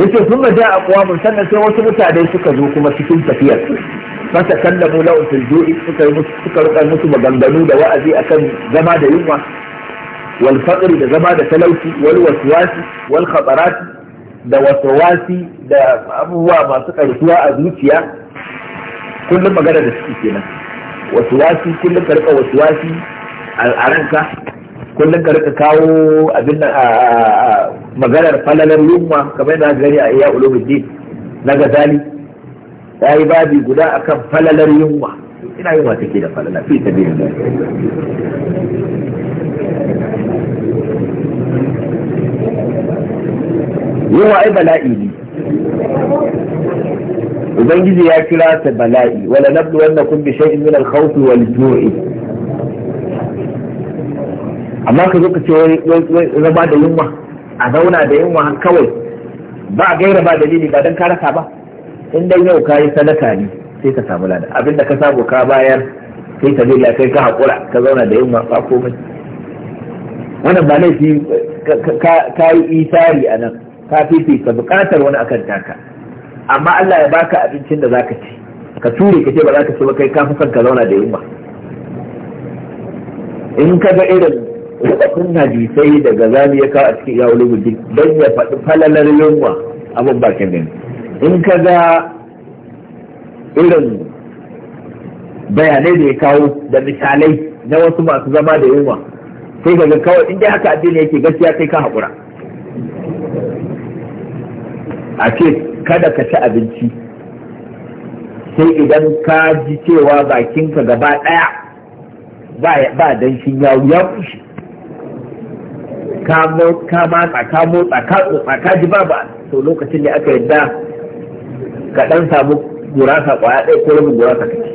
yace sun da aqwamun sannan sai wasu mutane suka zo kuma cikin tafiyar fasa kallamu lahu fil ju'i suka yi musu suka rika musu maganganu da wa'azi akan zama da yunwa wal da zama da talauci wal waswasi wal khatarat da waswasi da abubuwa masu karsuwa a zuciya kullum magana da suke kenan wasu wasi kullum ka rika wasu wasi a ranka kullum ka rika kawo abin a maganar falalar yunwa kamar yadda gani a iya ulumuddin na gazali ya yi babi guda akan falalar yunwa ina yunwa take da falala fi ta biyu yunwa ai bala'i ne ubangiji ya kira ta bala'i wala nabdu kun bi shay'in min al-khawf wal ju'i amma ka zo ka ce wai zama da yunwa a zauna da yunwa kawai ba gaira ba dalili ba don ka rasa ba in dai yau ka yi sadaka ne sai ka samu lada abinda ka sabo ka bayar sai ka zai kai ka haƙura ka zauna da yunwa ba komai wannan ba laifi ka yi isari a nan ka fifita buƙatar wani akan taka amma Allah ya baka abincin da zaka ci ka ture ka ce ba za ka ci ba kai kafi son ka zauna da yunwa in ka ga irin rubutun hadisai daga gazali ya kawo a cikin yawon lubuji don ya faɗi falalar yunwa abin ba gani in ka ga irin bayanai da ya kawo da misalai na wasu masu zama da yunwa sai ga kawai in dai haka addini yake gaskiya kai ka haƙura a ce kada ka ci abinci sai idan ka ji cewa bakinka gaba ɗaya ba danshin yawu ya kushe ka matsa ka motsa ka tsotsa ka ji ba ba to lokacin da aka yadda ka ɗan samu gurasa ƙwaya ɗaya ko rabin gurasa ka ci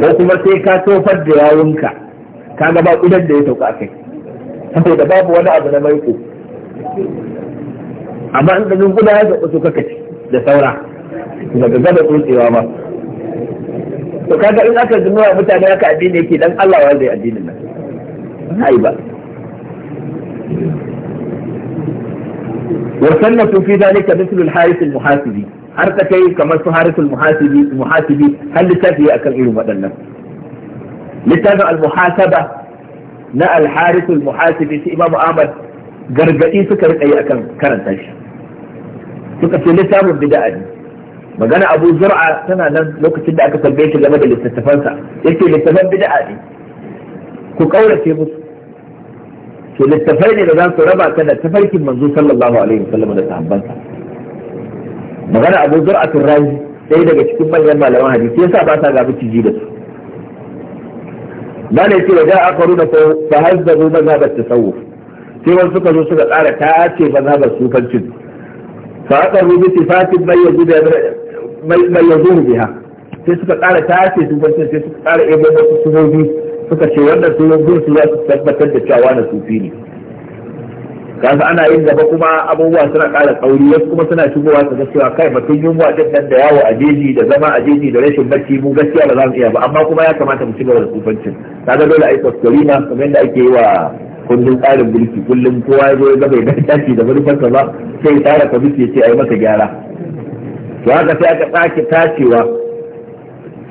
ko kuma sai ka tofar da yawunka ka ga ba da ya sauka kai saboda babu wani abu na maiko amma in ɗanyen guda ya zaɓa su kaka ci da saura daga ga gaba tsotsewa ba to kaga in aka zama wa mutane aka addini yake dan Allah wa zai addinin nan hai ba wa sannatu fi dalika mithlu al-harith al-muhasibi har ta kai kamar su harith al-muhasibi muhasibi hal littafi akan irin waɗannan littafin al-muhasaba na al-harith al-muhasibi shi imamu Ahmad gargadi suka rika yi akan karanta shi suka ce littafin bid'a ne magana abu zur'a tana nan lokacin da aka tambaye shi game da littattafansa yake littafan bid'a ne ku kaurace musu to littafai ne da za su raba ka da tafarkin manzo sallallahu alaihi wasallam da sahabbansa magana abu zura tun razi sai daga cikin manyan malaman hadisi yasa ba sa gabi ji da su ba ne ce wa ja'a qaruna fa sai wasu suka zo suka tsara ta ce ba za ba sufancin fa aka rubi sifatin bai yanzu da bai yanzu biha sai suka tsara ta ce sufancin sai suka tsara ebo wasu sufofi suka ce wannan sufofin su za su tabbatar da cewa na sufi ne kasu ana yin gaba kuma abubuwa suna ƙara tsauri wasu kuma suna shigowa su ga cewa kai batun yunwa din da yawo a jeji da zama a jeji da rashin bacci mu gaskiya ba za mu iya ba amma kuma ya kamata mu ci gaba da tsufancin kaga dole a yi kwaskwarima kamar yadda ake yi wa kundin tsarin mulki kullum kowa ya zo ya gaba ya tashi da manufarsa ba sai ya tsara kwamiti ya ce a yi masa gyara to haka sai aka tsaki tacewa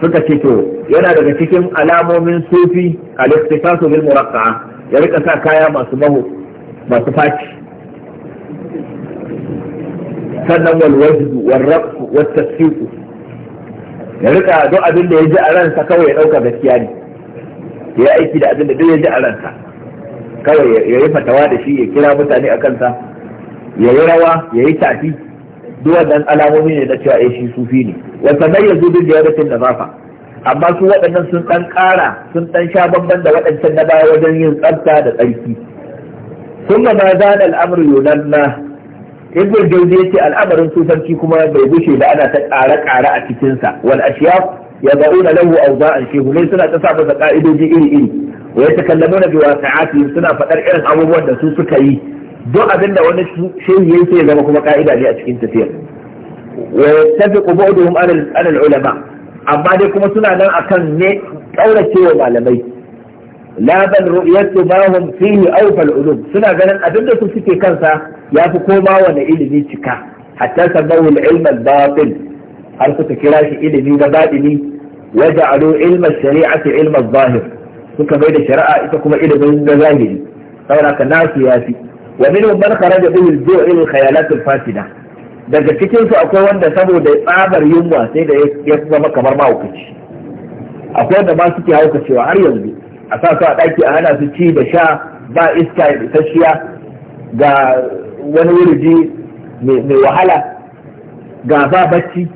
suka ce to yana daga cikin alamomin sufi al-istifasu bil muraqqa ya rika sa kaya masu maho masu faci sannan wal wajd wal ya rika duk abin da ya ji a ransa kawai ya dauka gaskiya ne ya aiki da abin da duk ya ji a ransa kawai ya yi fatawa da shi ya kira mutane a kansa ya yi rawa ya yi tafi duk alamomi ne na cewa eh shi sufi ne wa da bil jawaratin nazafa amma su waɗannan sun ɗan ƙara sun ɗan sha bambam da waɗancan na baya wajen yin tsafta da tsarki sun ma zan al'amur yunanna ibn jauzi ya ce al'amarin sufanci kuma bai gushe da ana ta ƙara ƙara a cikinsa wal ashiya ya gauna lahu awza'an shehu ne suna ta sa masa ka'idoji iri-iri wa yatakallamuna bi waqi'atihim suna faɗar irin abubuwan da su suka yi duk abinda wani shehi yake ya zama kuma ƙa'ida ne a cikin tafiyar wa yattafiqu ba'dhum ala al-ulama amma dai kuma suna nan akan ne kauracewa malamai la bal ru'yatu ma hum fihi aw suna ganin abin da su suke kansa fi koma wani ilimi cika hatta sabahu al-ilm al har suka kira shi ilimi na batini waja'alu ilma shari'ati ilma al-zahir suka bai da shari'a ita kuma ilimin na zahiri saboda ka nasu ya fi wa min man kharaja bihi al-ju' ila al-khayalat al-fasida daga cikin su akwai wanda saboda tsabar yunwa sai da ya zama kamar mahaukaci akwai wanda ma suke haukacewa har yanzu a sa su a daki a hana su ci da sha ba iska isasshiya ga wani wuriji mai wahala ga ba bacci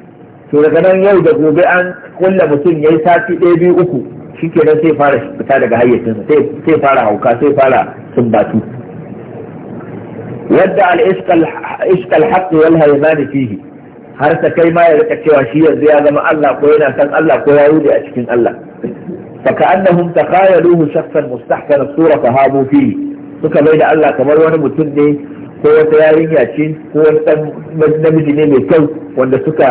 to daga nan yau da gobe an kulla mutum ya yi sati ɗaya biyu uku shi ke nan sai fara fita daga hayyacinsa sai fara hauka sai fara sumbatu wadda al-iskal haqqi wal hayman fihi har ta kai ma ya rika cewa shi yanzu ya zama Allah ko yana san Allah ko ya rude a cikin Allah fa ka'annahum takhayaluhu shakhsan mustahkana sura fahabu fihi suka bai da Allah kamar wani mutum ne ko wata yarinya ce ko wani namiji ne mai kyau wanda suka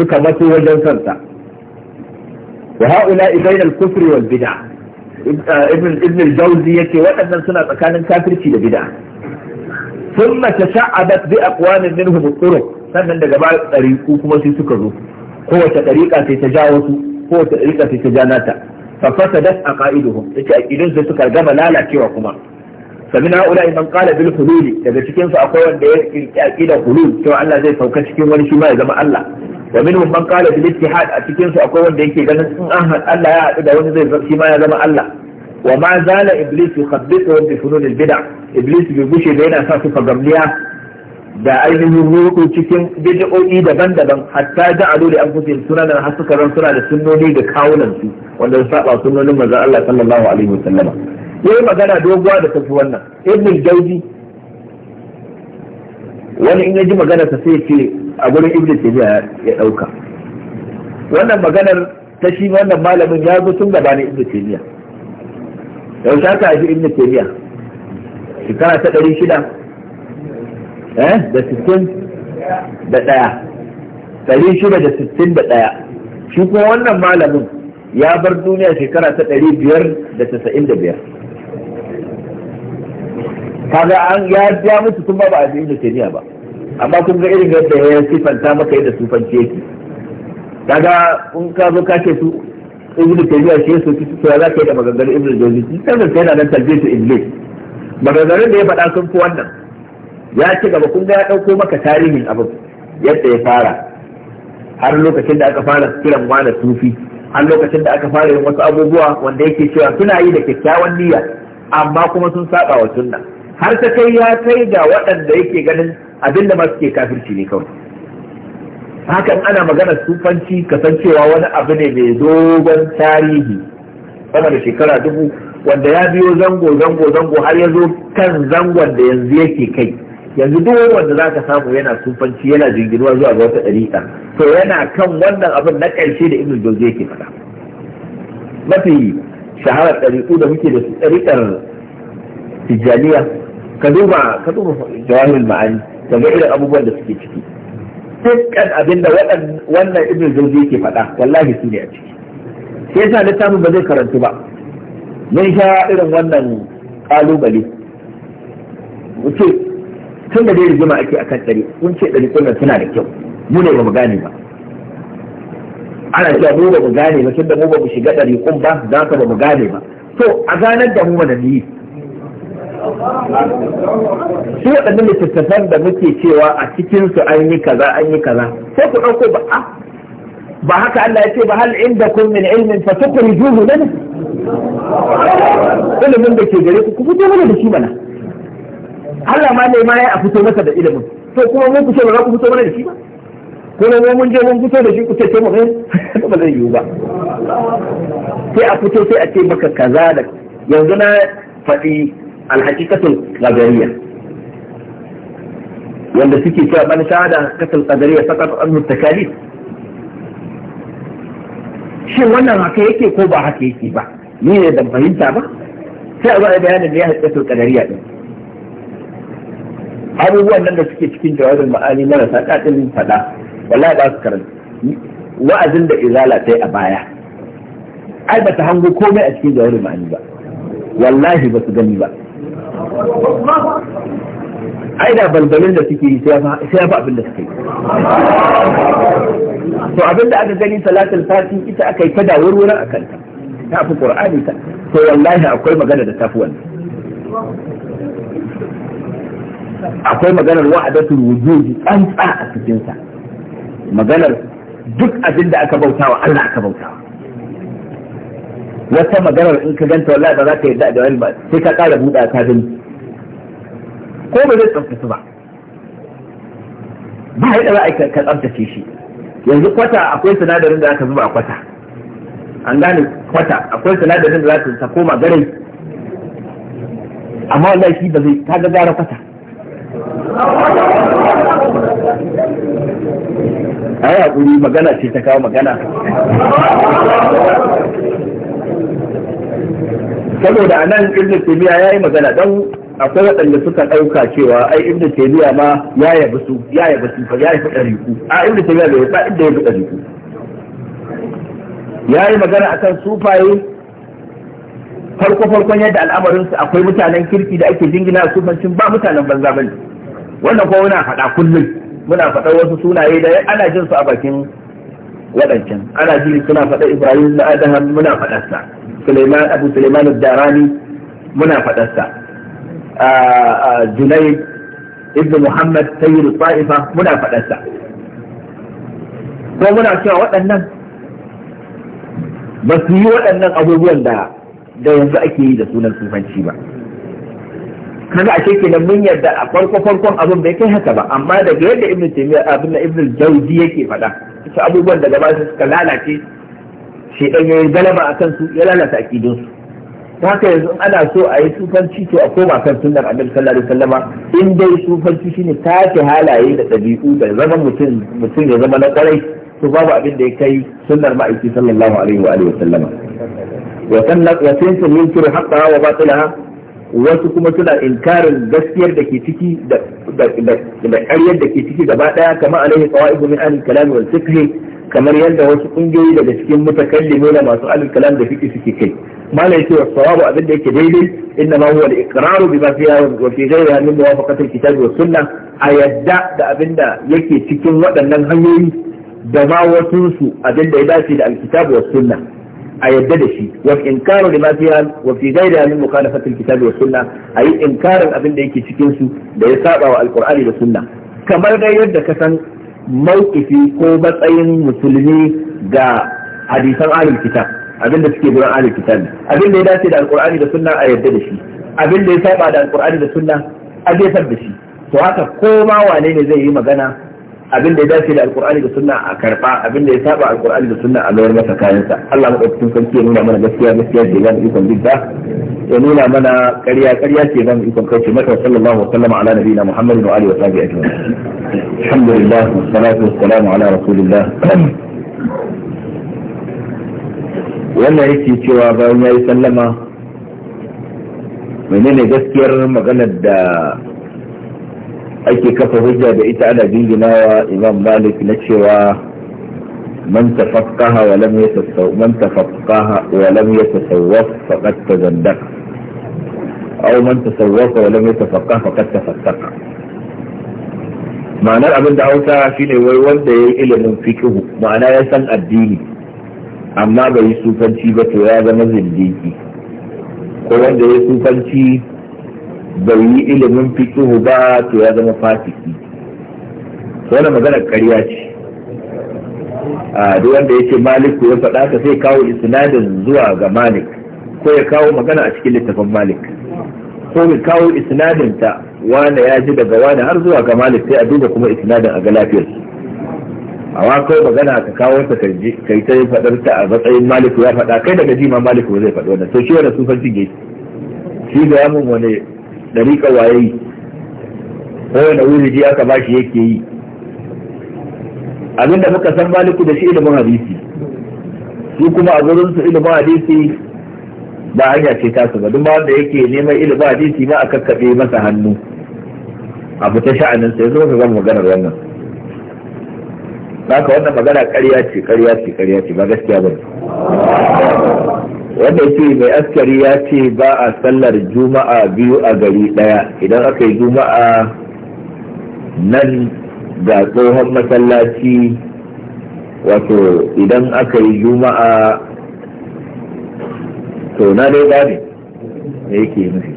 suka mato wajen sa wa ha'ula'i bainal kufri wal bid'a ibn uh, ibn al-jawzi yake waɗannan suna tsakanin kafirci da bid'a thumma tasha'abat bi aqwamin minhum al-turuq sannan daga ba ɗariƙu kuma sai suka zo kowace ɗariƙa sai ta ja wasu kowace ɗariƙa sai ta ja nata fa fasadat aqaiduhum yace aqidun sai suka gama lalacewa kuma samina ula man qala bil hululi daga cikin su akwai wanda ya kirki aqidar hulul cewa Allah zai sauka cikin wani shi ma ya zama Allah wa minhum man qala bil ittihad a cikin su akwai wanda yake ganin in an Allah ya haɗu da wani zai shi ma ya zama Allah wa ma zala iblis yukhabbithu bi funun al bid'a iblis bai gushe da yana sa su fagamliya da ainihin cikin bid'o'i daban-daban hatta ja'alu li anfusihim sunanan har suka ran suna da sunnoni da kawunan su wanda su saba sunnonin manzon Allah sallallahu alaihi wasallam yayi magana doguwa da tafi wannan ibn jawzi wani in ya ji magana sa sai ce a gurin ibnu tabiya ya dauka wannan maganar ta shi wannan malamin ya zo tun gabanin ibnu tabiya yau shaka ji ibnu tabiya shekara ta ɗari shida eh da sittin da ɗaya ɗari shida da sittin da ɗaya shi kuma wannan malamin ya bar duniya shekara ta ɗari biyar da tasa'in da biyar kaga an ya mutu tun ba ba a ibn ba amma kun ga irin yadda ya sifanta maka yadda sufanci yake kaga in ka zo ka ce su ibn taymiya shi su ki to za ka yi da maganganun ibn jawzi shi sanin sai da nan talbisu iblis maganganun da ya faɗa sun fi wannan ya ci gaba kun ga ya ɗauko maka tarihin abin yadda ya fara har lokacin da aka fara kiran ma da sufi har lokacin da aka fara yin wasu abubuwa wanda yake cewa suna yi da kyakkyawan niyya amma kuma sun saba wa sunna har ta kai ya kai ga waɗanda yake ganin abinda ma suke kafirci ne kawai hakan ana magana sufanci kasancewa wani abu ne mai dogon tarihi sama da shekara dubu wanda ya biyo zango zango zango har ya zo kan zangon da yanzu yake kai yanzu duk wanda za ka samu yana sufanci yana jinginuwa zuwa ga wata ɗariƙa to yana kan wannan abin na ƙarshe da ibn jozi yake faɗa mafi shaharar ɗariƙu da muke da su ɗariƙar tijjaniya ka duba ka duba jawahirul ma'ani ka ga irin abubuwan da suke ciki dukkan abin da wannan ibn jauzi yake faɗa wallahi su ne a ciki sai yasa littafin ba zai karantu ba mun sha irin wannan kalubale ce tun da dai rigima ake akan ɗari mun ce ɗari kullum suna da kyau mu ne ba mu gane ba ana cewa mu ba mu gane ba tun da mu ba mu shiga ɗari kun ba za ka ba mu gane ba to a ganar da mu mana ni shi waɗannan littattafan da muke cewa a cikinsu an yi kaza an yi kaza sai ku ɗauko ba a ah, ba haka Allah ya ce ba hal inda kun min ilmin fa tukhrijuhu lana ilimin da ke gare ku ku fito mana da shi mana Allah ma ne ma ya fito masa da ilimin to kuma mun ku ce ba za ku fito mana da shi ba ko ne mun je mun fito da shi ku ce mu ne ba zai yiwu ba sai a fito sai a ce maka kaza da yanzu na faɗi alhaqiqatul qadariyya wanda suke cewa man shahada alhaqiqatul qadariyya faqat anhu takalif shin wannan haka yake ko ba haka yake ba ni ne da fahimta ba sai a zo a bayanin da ya haƙƙatul qadariyya din abubuwan nan da suke cikin jawabin ma'ani marasa daɗin faɗa wallahi ba su karanta wa'azin da izala sai a baya ai ba ta hango komai a cikin jawabin ma'ani ba wallahi ba su gani ba ai da balbalin da suke yi sai ya fi abin da suke to abin da aka gani salatul fati ita aka yi ta da wurwuran a kanta ta fi qur'ani ta to wallahi akwai magana da tafi wannan akwai maganar wa'adatul wujudi tsantsa a cikin sa maganar duk abin da aka bautawa Allah aka bautawa wata maganar in ka ganta wallahi ba za ka yarda da wani ba sai ka ƙara buɗa ka gani ko ba zai tsaftace ba ba yadda za a ka tsaftace shi yanzu kwata akwai sinadarin da aka zuba a kwata an gane kwata akwai sinadarin da za ta koma garai amma wallahi shi ba zai ta gagara kwata ai hakuri magana ce ta kawo magana saboda anan ibnu ya yayi magana don akwai waɗanda suka ɗauka cewa ai ibnu taymiya ma ya yabi su ya yabi su fa ya yabi dariku a ibnu taymiya bai ba inda yabi Ya yi magana akan sufaye farko farkon yadda al'amarin su akwai mutanen kirki da ake jingina sufancin ba mutanen banza bane wannan kuma muna faɗa kullum muna faɗa wasu sunaye da ana jin su a bakin waɗancan ana jin suna faɗa Ibrahim na Adam muna faɗarsa Suleiman Abu Suleiman Darani muna faɗarsa Junaid ibn Muhammad sayyidu Ta'ifa muna faɗarsa ko muna cewa waɗannan ba su yi waɗannan abubuwan da da yanzu ake yi da sunan sufanci ba kaga a ke kenan mun yarda a farko farkon abin bai kai haka ba amma daga yadda ibn taymiya abin ibn jawzi yake faɗa su abubuwan da gaba su suka lalace ɗan yayin galaba akan su ya lalata akidun su haka yanzu ana so a yi sufanci to a koma kan sunnar annabi sallallahu alaihi wasallama in dai sufanci shine tace halaye da ɗabi'u da zaman mutum mutum ya zama na kwarai to babu abin da ya kai sunnar ma'aiki sallallahu alaihi wa alihi wasallama wa sannat wa sinfin yunkiru haqqaha wa batilaha wasu kuma suna inkarin gaskiyar da ke ciki da ƙaryar da ke ciki gaba ɗaya kamar alaihi qawaidu min ahli kalam wal fiqh kamar yadda wasu kungiyoyi daga cikin mutakallimi da masu alil kalam da fiqh suke kai mala yake wa sawabu abin da yake daidai inna ma huwa al-iqraru bima fiha wa fi ghayriha min muwafaqati al-kitab wa sunnah a yadda da abin da yake cikin waɗannan hanyoyi da ma wasu su abin da ya dace da al-kitab wa sunnah a yadda da shi wa inkaru lima fiha wa fi ghayriha min mukhalafati al-kitab wa sunnah ayi inkarin abin da yake cikin su da ya saba wa al-qur'ani da sunnah kamar dai yadda ka san mawkifi ko matsayin musulmi ga hadisan ahlul kitab abinda suke gurin ahlul kitab abinda ya dace da alkur'ani da sunna a yadda da shi abinda ya saba da alkurani da sunna a jefar da shi to haka ko ma wane ne zai yi magana abin da ya dace da alkur'ani da sunna a karba abin da ya saba alkur'ani da sunna a mayar masa kayansa Allah mu madaukakin sarki ya nuna mana gaskiya gaskiya ce zamu ikon bidda ya nuna mana ƙarya ƙarya ce zamu ikon kauce mata sallallahu alaihi wa sallam ala nabiyina muhammadin wa alihi wa sahbihi ajma'in alhamdulillah wassalatu wassalamu ala rasulillah wannan yake cewa bayan yayi sallama menene gaskiyar maganar da ake kafa hujja da ita ana jinginawa imam malik na cewa man tafaqaha wa lam yatasawwaf man tafaqaha wa lam yatasawwaf faqad aw man wa lam faqad ma'anar abin da hausa shine wai wanda ya yi ilimin fikihu ma'ana ya san addini amma bai yi sufanci ba to ya zama zindiki ko wanda ya yi sufanci bai yi ilimin fikihu ba to ya zama fasiki wani magana ƙarya ce a duk wanda ya ce maliku ya faɗa ka sai kawo isnadin zuwa ga malik ko ya kawo magana a cikin littafin malik ko ya kawo isnadin ta wani ya ji daga wani har zuwa ga malik sai a duba kuma isnadin a ga lafiyar a wa kawai magana ka kawo ta kai ta faɗar ta a matsayin maliku ya faɗa kai daga jima Malik ba zai faɗi wannan to shi wanda sufanci ne shi ga yamun wani dariƙa waye wuri ji aka ba shi yake yi abinda muka san maliku da shi ilimin hadisi su kuma a gurin su ilimin hadisi ba hanya ce su ba duk wanda yake neman ilimin hadisi ma a kakkaɓe masa hannu a fita sha'anin sai zuwa ka gama maganar wannan haka wannan magana ƙarya ce ƙarya ce ƙarya ce ba gaskiya ba wanda yake mai askari ya ce ba a sallar juma'a biyu a gari daya idan aka yi juma'a nan ga tsohon masallaci wato idan aka yi juma'a to na dai gane me yake nufi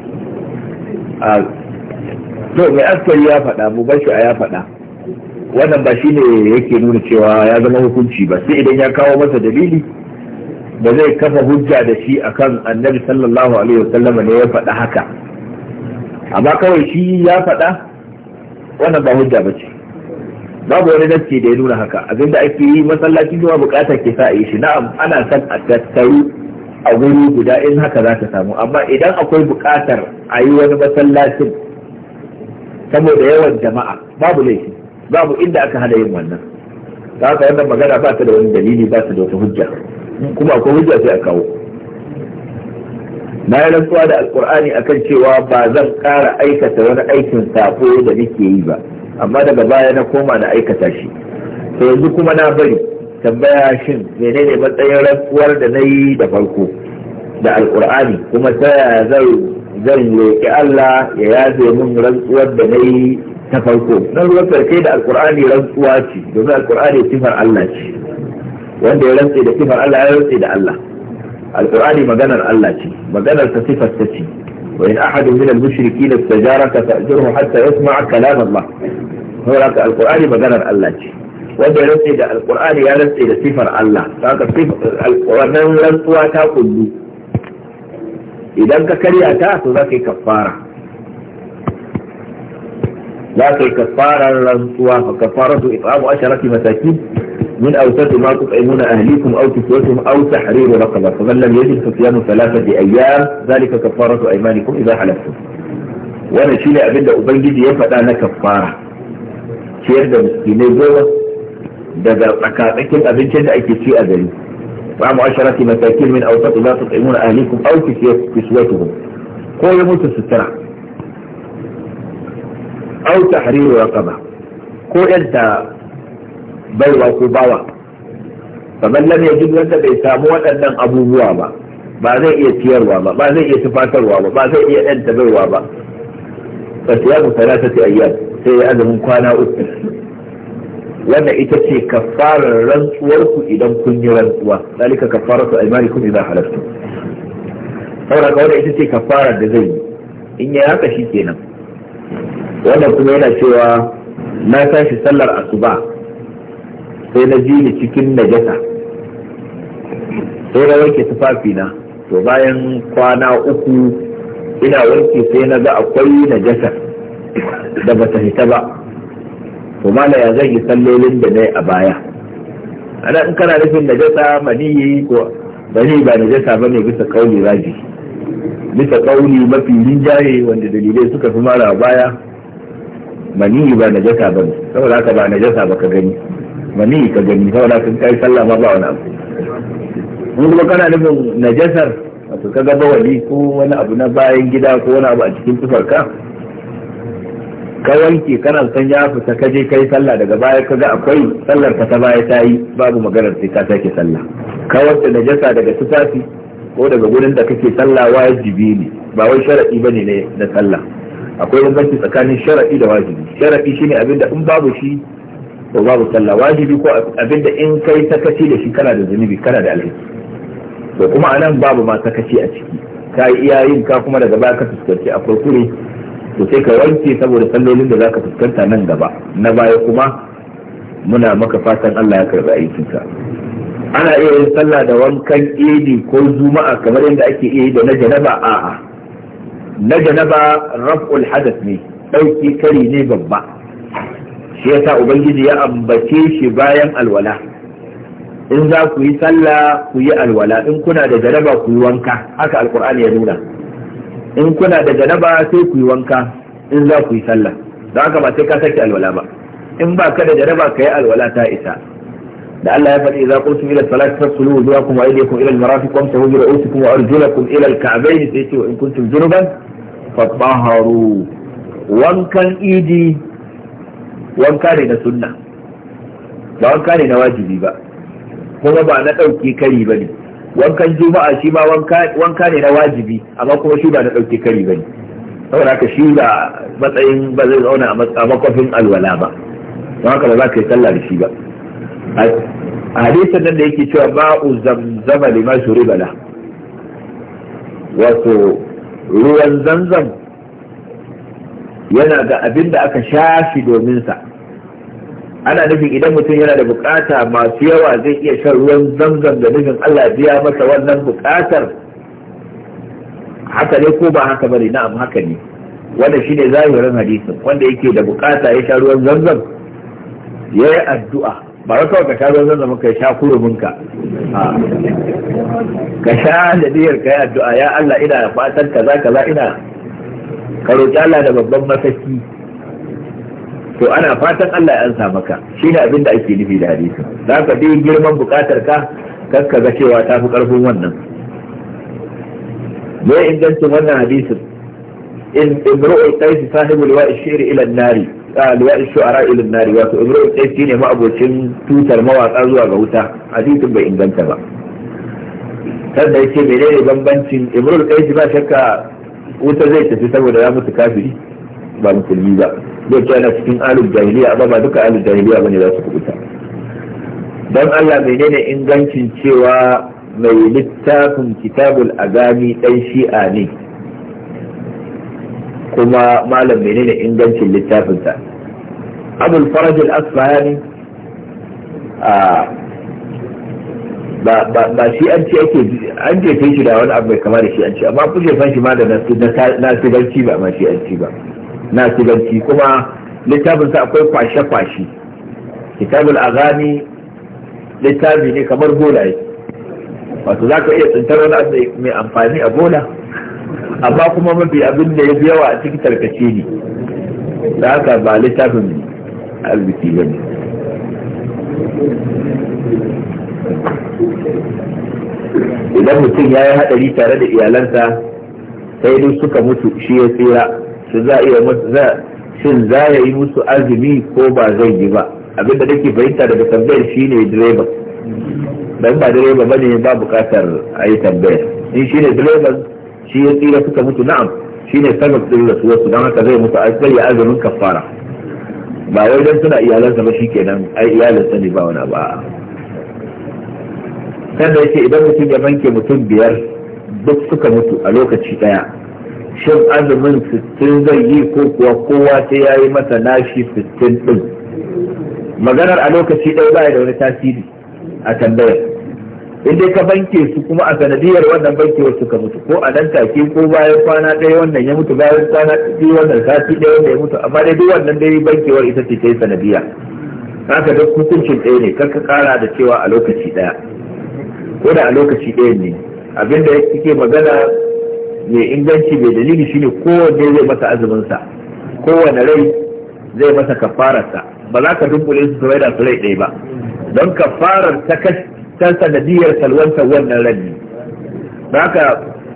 a to mai askari ya faɗa mu bashi a ya faɗa wannan ba shi ne yake nuna cewa ya zama hukunci ba sai idan ya kawo masa dalili da zai kafa hujja da shi akan annabi sallallahu alaihi wasallama ne ya faɗa haka amma kawai shi ya faɗa wannan ba hujja ba ce babu wani dace da ya nuna haka abinda ake yi masallaci kuma bukata ke sa a yi shi na'am ana son a tattaru a guri guda in haka za ta samu amma idan akwai bukatar a yi wani masallacin saboda yawan jama'a babu laifi babu inda aka hana yin wannan za haka wannan magana ba ta da wani dalili ba ta da wata hujja kuma akwai hujja sai a kawo na yi rantsuwa da alkur'ani kan cewa ba zan ƙara aikata wani aikin safo da nake yi ba amma daga baya na koma na aikata shi to yanzu kuma na bari tambaya shin menene matsayin rantsuwar da na yi da farko da alkur'ani kuma ta yaya zan roƙi Allah ya yaze min rantsuwar da na yi ta farko na ruwan da alkur'ani rantsuwa ce domin alkur'ani sifar Allah ce wanda ya rantse da sifar Allah ya rantse da Allah alqur'ani maganar Allah ce maganar ta sifar ta ce wa in ahadun min al-mushrikin istajaraka fa'jurhu hatta yasma'a kalam Allah saboda alqur'ani maganar Allah ce wanda ya rantse da alqur'ani ya rantse da sifar Allah saka alqur'anin rantsuwa ta kullu idan ka karya ta to za ka yi kafara za ka yi kafarar rantsuwa fa kafaratu it'amu asharati masakin من أوساط ما تطعمون أهليكم أو كسوتهم أو تحرير رقبة فمن لم يجد فتيان ثلاثة أيام ذلك كفارة أيمانكم إذا حلفتم وأنا شيني أبدا أبنجد يفعل أنا كفارة شير دا مسكيني زوة دا دا أكاكين أبنجد أي كسي أذري مع عشره مساكين من أوساط ما تطعمون أهليكم أو كسوتهم قوة يموت السترع أو تحرير رقبة قوة أنت baiwa ko bawa kamar lam yajid wanda bai samu waɗannan abubuwa ba ba zai iya ciyarwa ba ba zai iya tufatarwa ba ba zai iya ɗanta baiwa ba fa siyamu thalathati ayyam sai ya azumin kwana uku wannan ita ce kafarar rantsuwarku idan kun yi rantsuwa dalika kafaratu aymanikum idan halartu. saboda ka wannan ita ce kafarar da zai yi in ya haka shi kenan wannan kuma yana cewa na tashi sallar asuba sai na ji ni cikin najasa sai na wanke tufafi na to bayan kwana uku ina wanke sai na ga akwai najasa da bata hita ba to mala ya zai sallolin da na a baya ana in kana nufin najasa maniyi ko bani ba najasa ba ne bisa kauli raji bisa kauli mafi rinjaye wanda dalilai suka fi mara baya maniyi ba najasa bane saboda haka ba najasa ba ka gani mani ka gani saboda kan kai sallah ma ba wani abu mun kuma kana nufin najasar wato gaba bawali ko wani abu na bayan gida ko wani abu a cikin tufar ka wanke kana san ya fita ka je kai sallah daga baya ka ga akwai sallar ka ta baya ta yi babu maganar sai ka sake sallah ka wanke najasa daga tufafi ko daga gurin da kake sallah wajibi ne ba wai sharadi bane ne na sallah akwai bambanci tsakanin sharadi da wajibi sharadi shine abin da in babu shi to babu sallah wajibi ko abinda in kai sakaci da shi kana da zunubi kana da alhaki to kuma anan babu ma sakaci a ciki ka yi iya yin ka kuma daga baya ka fuskanci a kurkure to sai ka wanke saboda sallolin da zaka fuskanta nan gaba na baya kuma muna maka fatan Allah ya karbi aikinka ana iya yin sallah da wankan idi ko juma'a kamar yadda ake iya yi da na janaba a'a na janaba raf'ul hadath ne dauki kari ne babba shi yasa ubangiji ya ambace shi bayan alwala in za ku yi sallah ku yi alwala in kuna da janaba ku yi wanka haka alkur'ani ya nuna in kuna da janaba sai ku yi wanka in za ku yi sallah don haka ba sai ka saki alwala ba in ba ka da janaba ka yi alwala ta isa da Allah ya faɗi za ku sun ila salati fasulu wujuhakum wa aydiyakum ila al kuma wamsahu bi ru'usikum wa arjulakum ila al-ka'bayn sai ce in kuntum junuban fatahharu wankan idi wanka ne na sunna ba wanka ne na wajibi ba kuma ba na ɗauke kari ba ne wankan juma'a shi ma wanka ne na wajibi amma kuma shi ba na ɗauke kari ba ne saboda haka shi ba matsayin ba zai zauna a makwafin alwala ba don haka ba za ka yi sallah da shi ba a hadisin nan da yake cewa u zamzama liman bala wato ruwan zamzam yana ga abin da aka shafi dominsa ana nufin idan mutum yana da bukata masu yawa zai iya shan ruwan zamzam da nufin Allah biya masa wannan bukatar haka ne ko ba haka bane na'am haka ne wanda shine zahirin hadisin wanda yake da bukata ya sha ruwan zamzam ya yi addu'a ba wai kawai ka sha ruwan zamzam ka sha kurumin ka Ka sha da diyar ka yi addu'a ya Allah ina fatan kaza kaza ina ka roƙi Allah da babban masaki to ana fatan Allah ya ansa maka shine abin da ake nufi da hadisi za ka dai girman bukatar ka kar ka ga cewa ta fi ƙarfin wannan me ingancin wannan hadisi in imru'ul qais sahibu liwa'i shi'ri ila an-nari liwa'i shu'ara ila an-nari wato imru'ul qais shine ma'abocin tutar mawaka zuwa ga wuta hadisin bai inganta ba sannan yake menene bambancin imrul qais ba shakka wuta zai tafi saboda ya mutu kafiri ba musulmi ba zai ce ana cikin alul jahiliya amma ba duka alul jahiliya bane za su kubuta dan Allah menene ingancin cewa mai littafin kitabul azami dan shi'a ne kuma malam menene ingancin littafinsa abul faraj al-asfahani a ba shi an ce ake an jefe shi da wani abu mai kama da shi an ce amma kun jefan shi ma da nasibanci ba ma shi an ci ba nasibanci kuma littafin sa akwai kwashe kwashe kitabul azami littafi ne kamar bola yake wato za ka iya tsintar wani abu mai amfani a bola amma kuma mafi abin da ya fi yawa a cikin tarkace ne da haka ba littafin arziki ba ne idan mutum ya yi haɗari tare da iyalanta sai duk suka mutu shi ya tsira su za iya shin za ya yi musu azumi ko ba zai yi ba abinda ke fahimta daga tambayar shine direba dan ba direba ne ba bukatar a yi tambayar in shine direban shi ya tsira suka mutu na'am shi shine sabab din wasu don haka zai mutu zai yi azumin kafara ba wai dan suna iyalansa ba shi kenan ai iyalansa ne ba wani ba sannan ya ce idan mutum ya banke mutum biyar duk suka mutu a lokaci ɗaya shin azumin sittin zai yi ko kuwa kowa sai ya yi masa nashi sittin ɗin maganar a lokaci ɗaya ba da wani tasiri a tambayar in dai ka banke su kuma a sanadiyar wannan bankewar suka mutu ko a nan take ko bayan kwana ɗaya wannan ya mutu bayan kwana ɗaya wannan sati ɗaya wannan ya mutu amma dai duk wannan dai bankewar ita ce ta yi sanadiya kaka duk hukuncin ɗaya ne kar ka kara da cewa a lokaci ɗaya ko da a lokaci ɗaya ne abinda ya kike magana mai inganci mai dalili shine kowanne zai masa azuminsa kowane rai zai masa kafararsa ba za ka dubbule su su da su rai ɗaya ba don kafarar ta kasar sanadiyar salwantar wannan rai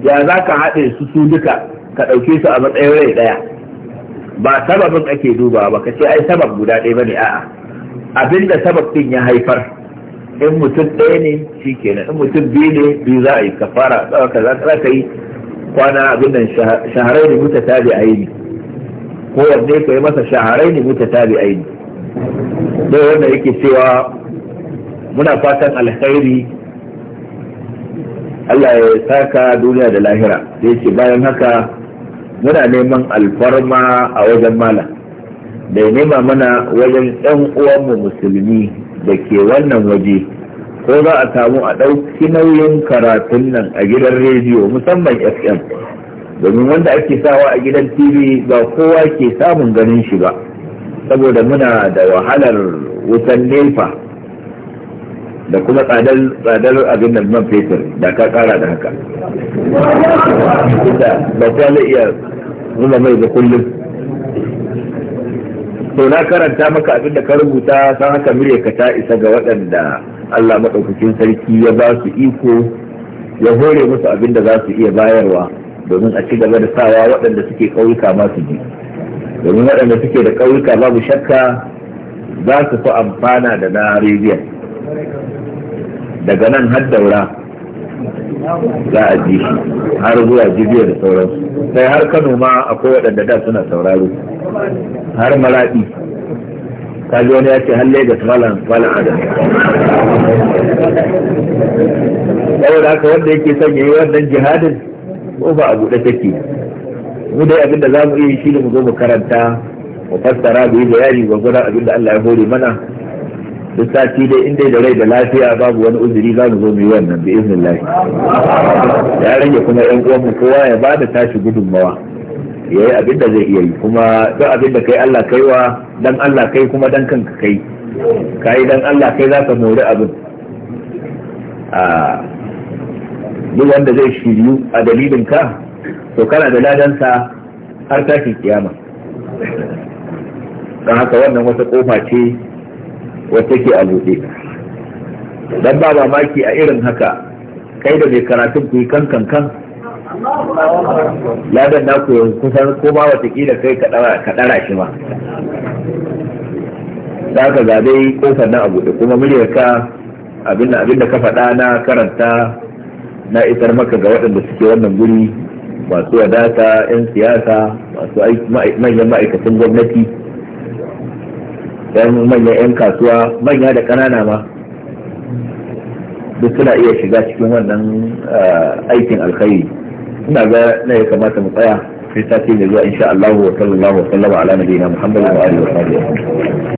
ya za ka haɗe su su duka ka ɗauke su a matsayin rai ɗaya ba sababin ake duba ba ka ce ai sabab guda ɗaya ba ne a'a abinda sabab ɗin ya haifar in mutum ɗaya ne shi kenan in mutum biyu ne biyu za a yi kafara ka za ka yi kwana abin nan shaharai ne muta tabi a yi ko wanne ka yi masa shaharai ne muta tabi a yi dai wanda yake cewa muna fatan alkhairi Allah ya saka duniya da lahira da yake bayan haka muna neman alfarma a wajen malam da ya nema mana wajen ɗan uwanmu musulmi da ke wannan waje ko za a samu a ɗauki nauyin karatun nan a gidan rediyo musamman fm domin wanda ake sawa a gidan tv ba kowa ke samun ganin shi ba saboda muna da wahalar wutan nefa da kuma tsadar abin da man fetur da ka kara da haka ba ta iya zuba mai da kullum to na karanta maka abin da ka rubuta san haka ka ta isa ga waɗanda Allah maɗaukakin sarki ya ba su iko ya hore musu abin da za su iya bayarwa domin a ci gaba da sawa waɗanda suke ƙauyuka ma su ji domin waɗanda suke da ƙauyuka babu shakka za su fi amfana da na rediyon daga nan har daura za a ji har zuwa jibiya da sauransu sai har kano ma akwai waɗanda da suna saurari. har maraɗi kaji wani ya ce halle ga malam malam adam saboda haka wanda yake son yayi wannan jihadin ko ba a buɗe take mu dai abinda za mu iya shi ne mu zo mu karanta mu fassara mu yi bayani gwagwara abinda Allah ya hore mana duk sati dai inda da rai da lafiya babu wani uzuri za mu zo mu yi wannan bi iznillahi ya rage kuma yan uwan mu kowa ya bada tashi gudunmawa ya yi abin da zai iya yi kuma duk abin da kai Allah wa, dan Allah kai kuma dan kanka kai ka yi dan Allah kai za ka mori abin a duk wanda zai shiryu a dalilin ka to kana da sa har tashin kiyama don haka wannan wata kofa ce wata ke a buɗe dan ba mamaki a irin haka kai da mai karatun ku yi kan kan kan ladan na yanzu kusan ko wata kila kai ka ɗara shi ma da aka zabe kofar nan a buɗe kuma muryar ka abinda ka faɗa na karanta na isar maka ga waɗanda suke wannan guri masu wadata 'yan siyasa masu manyan ma'aikatan gwamnati yan manyan 'yan kasuwa manya da ƙanana ma duk suna iya shiga cikin wannan eh, aikin alkhairi ina ga na ya kamata mu tsaya sai sati mai zuwa insha Allah wa sallallahu wa sallama ala nabiyina Muhammad wa alihi wa sahbihi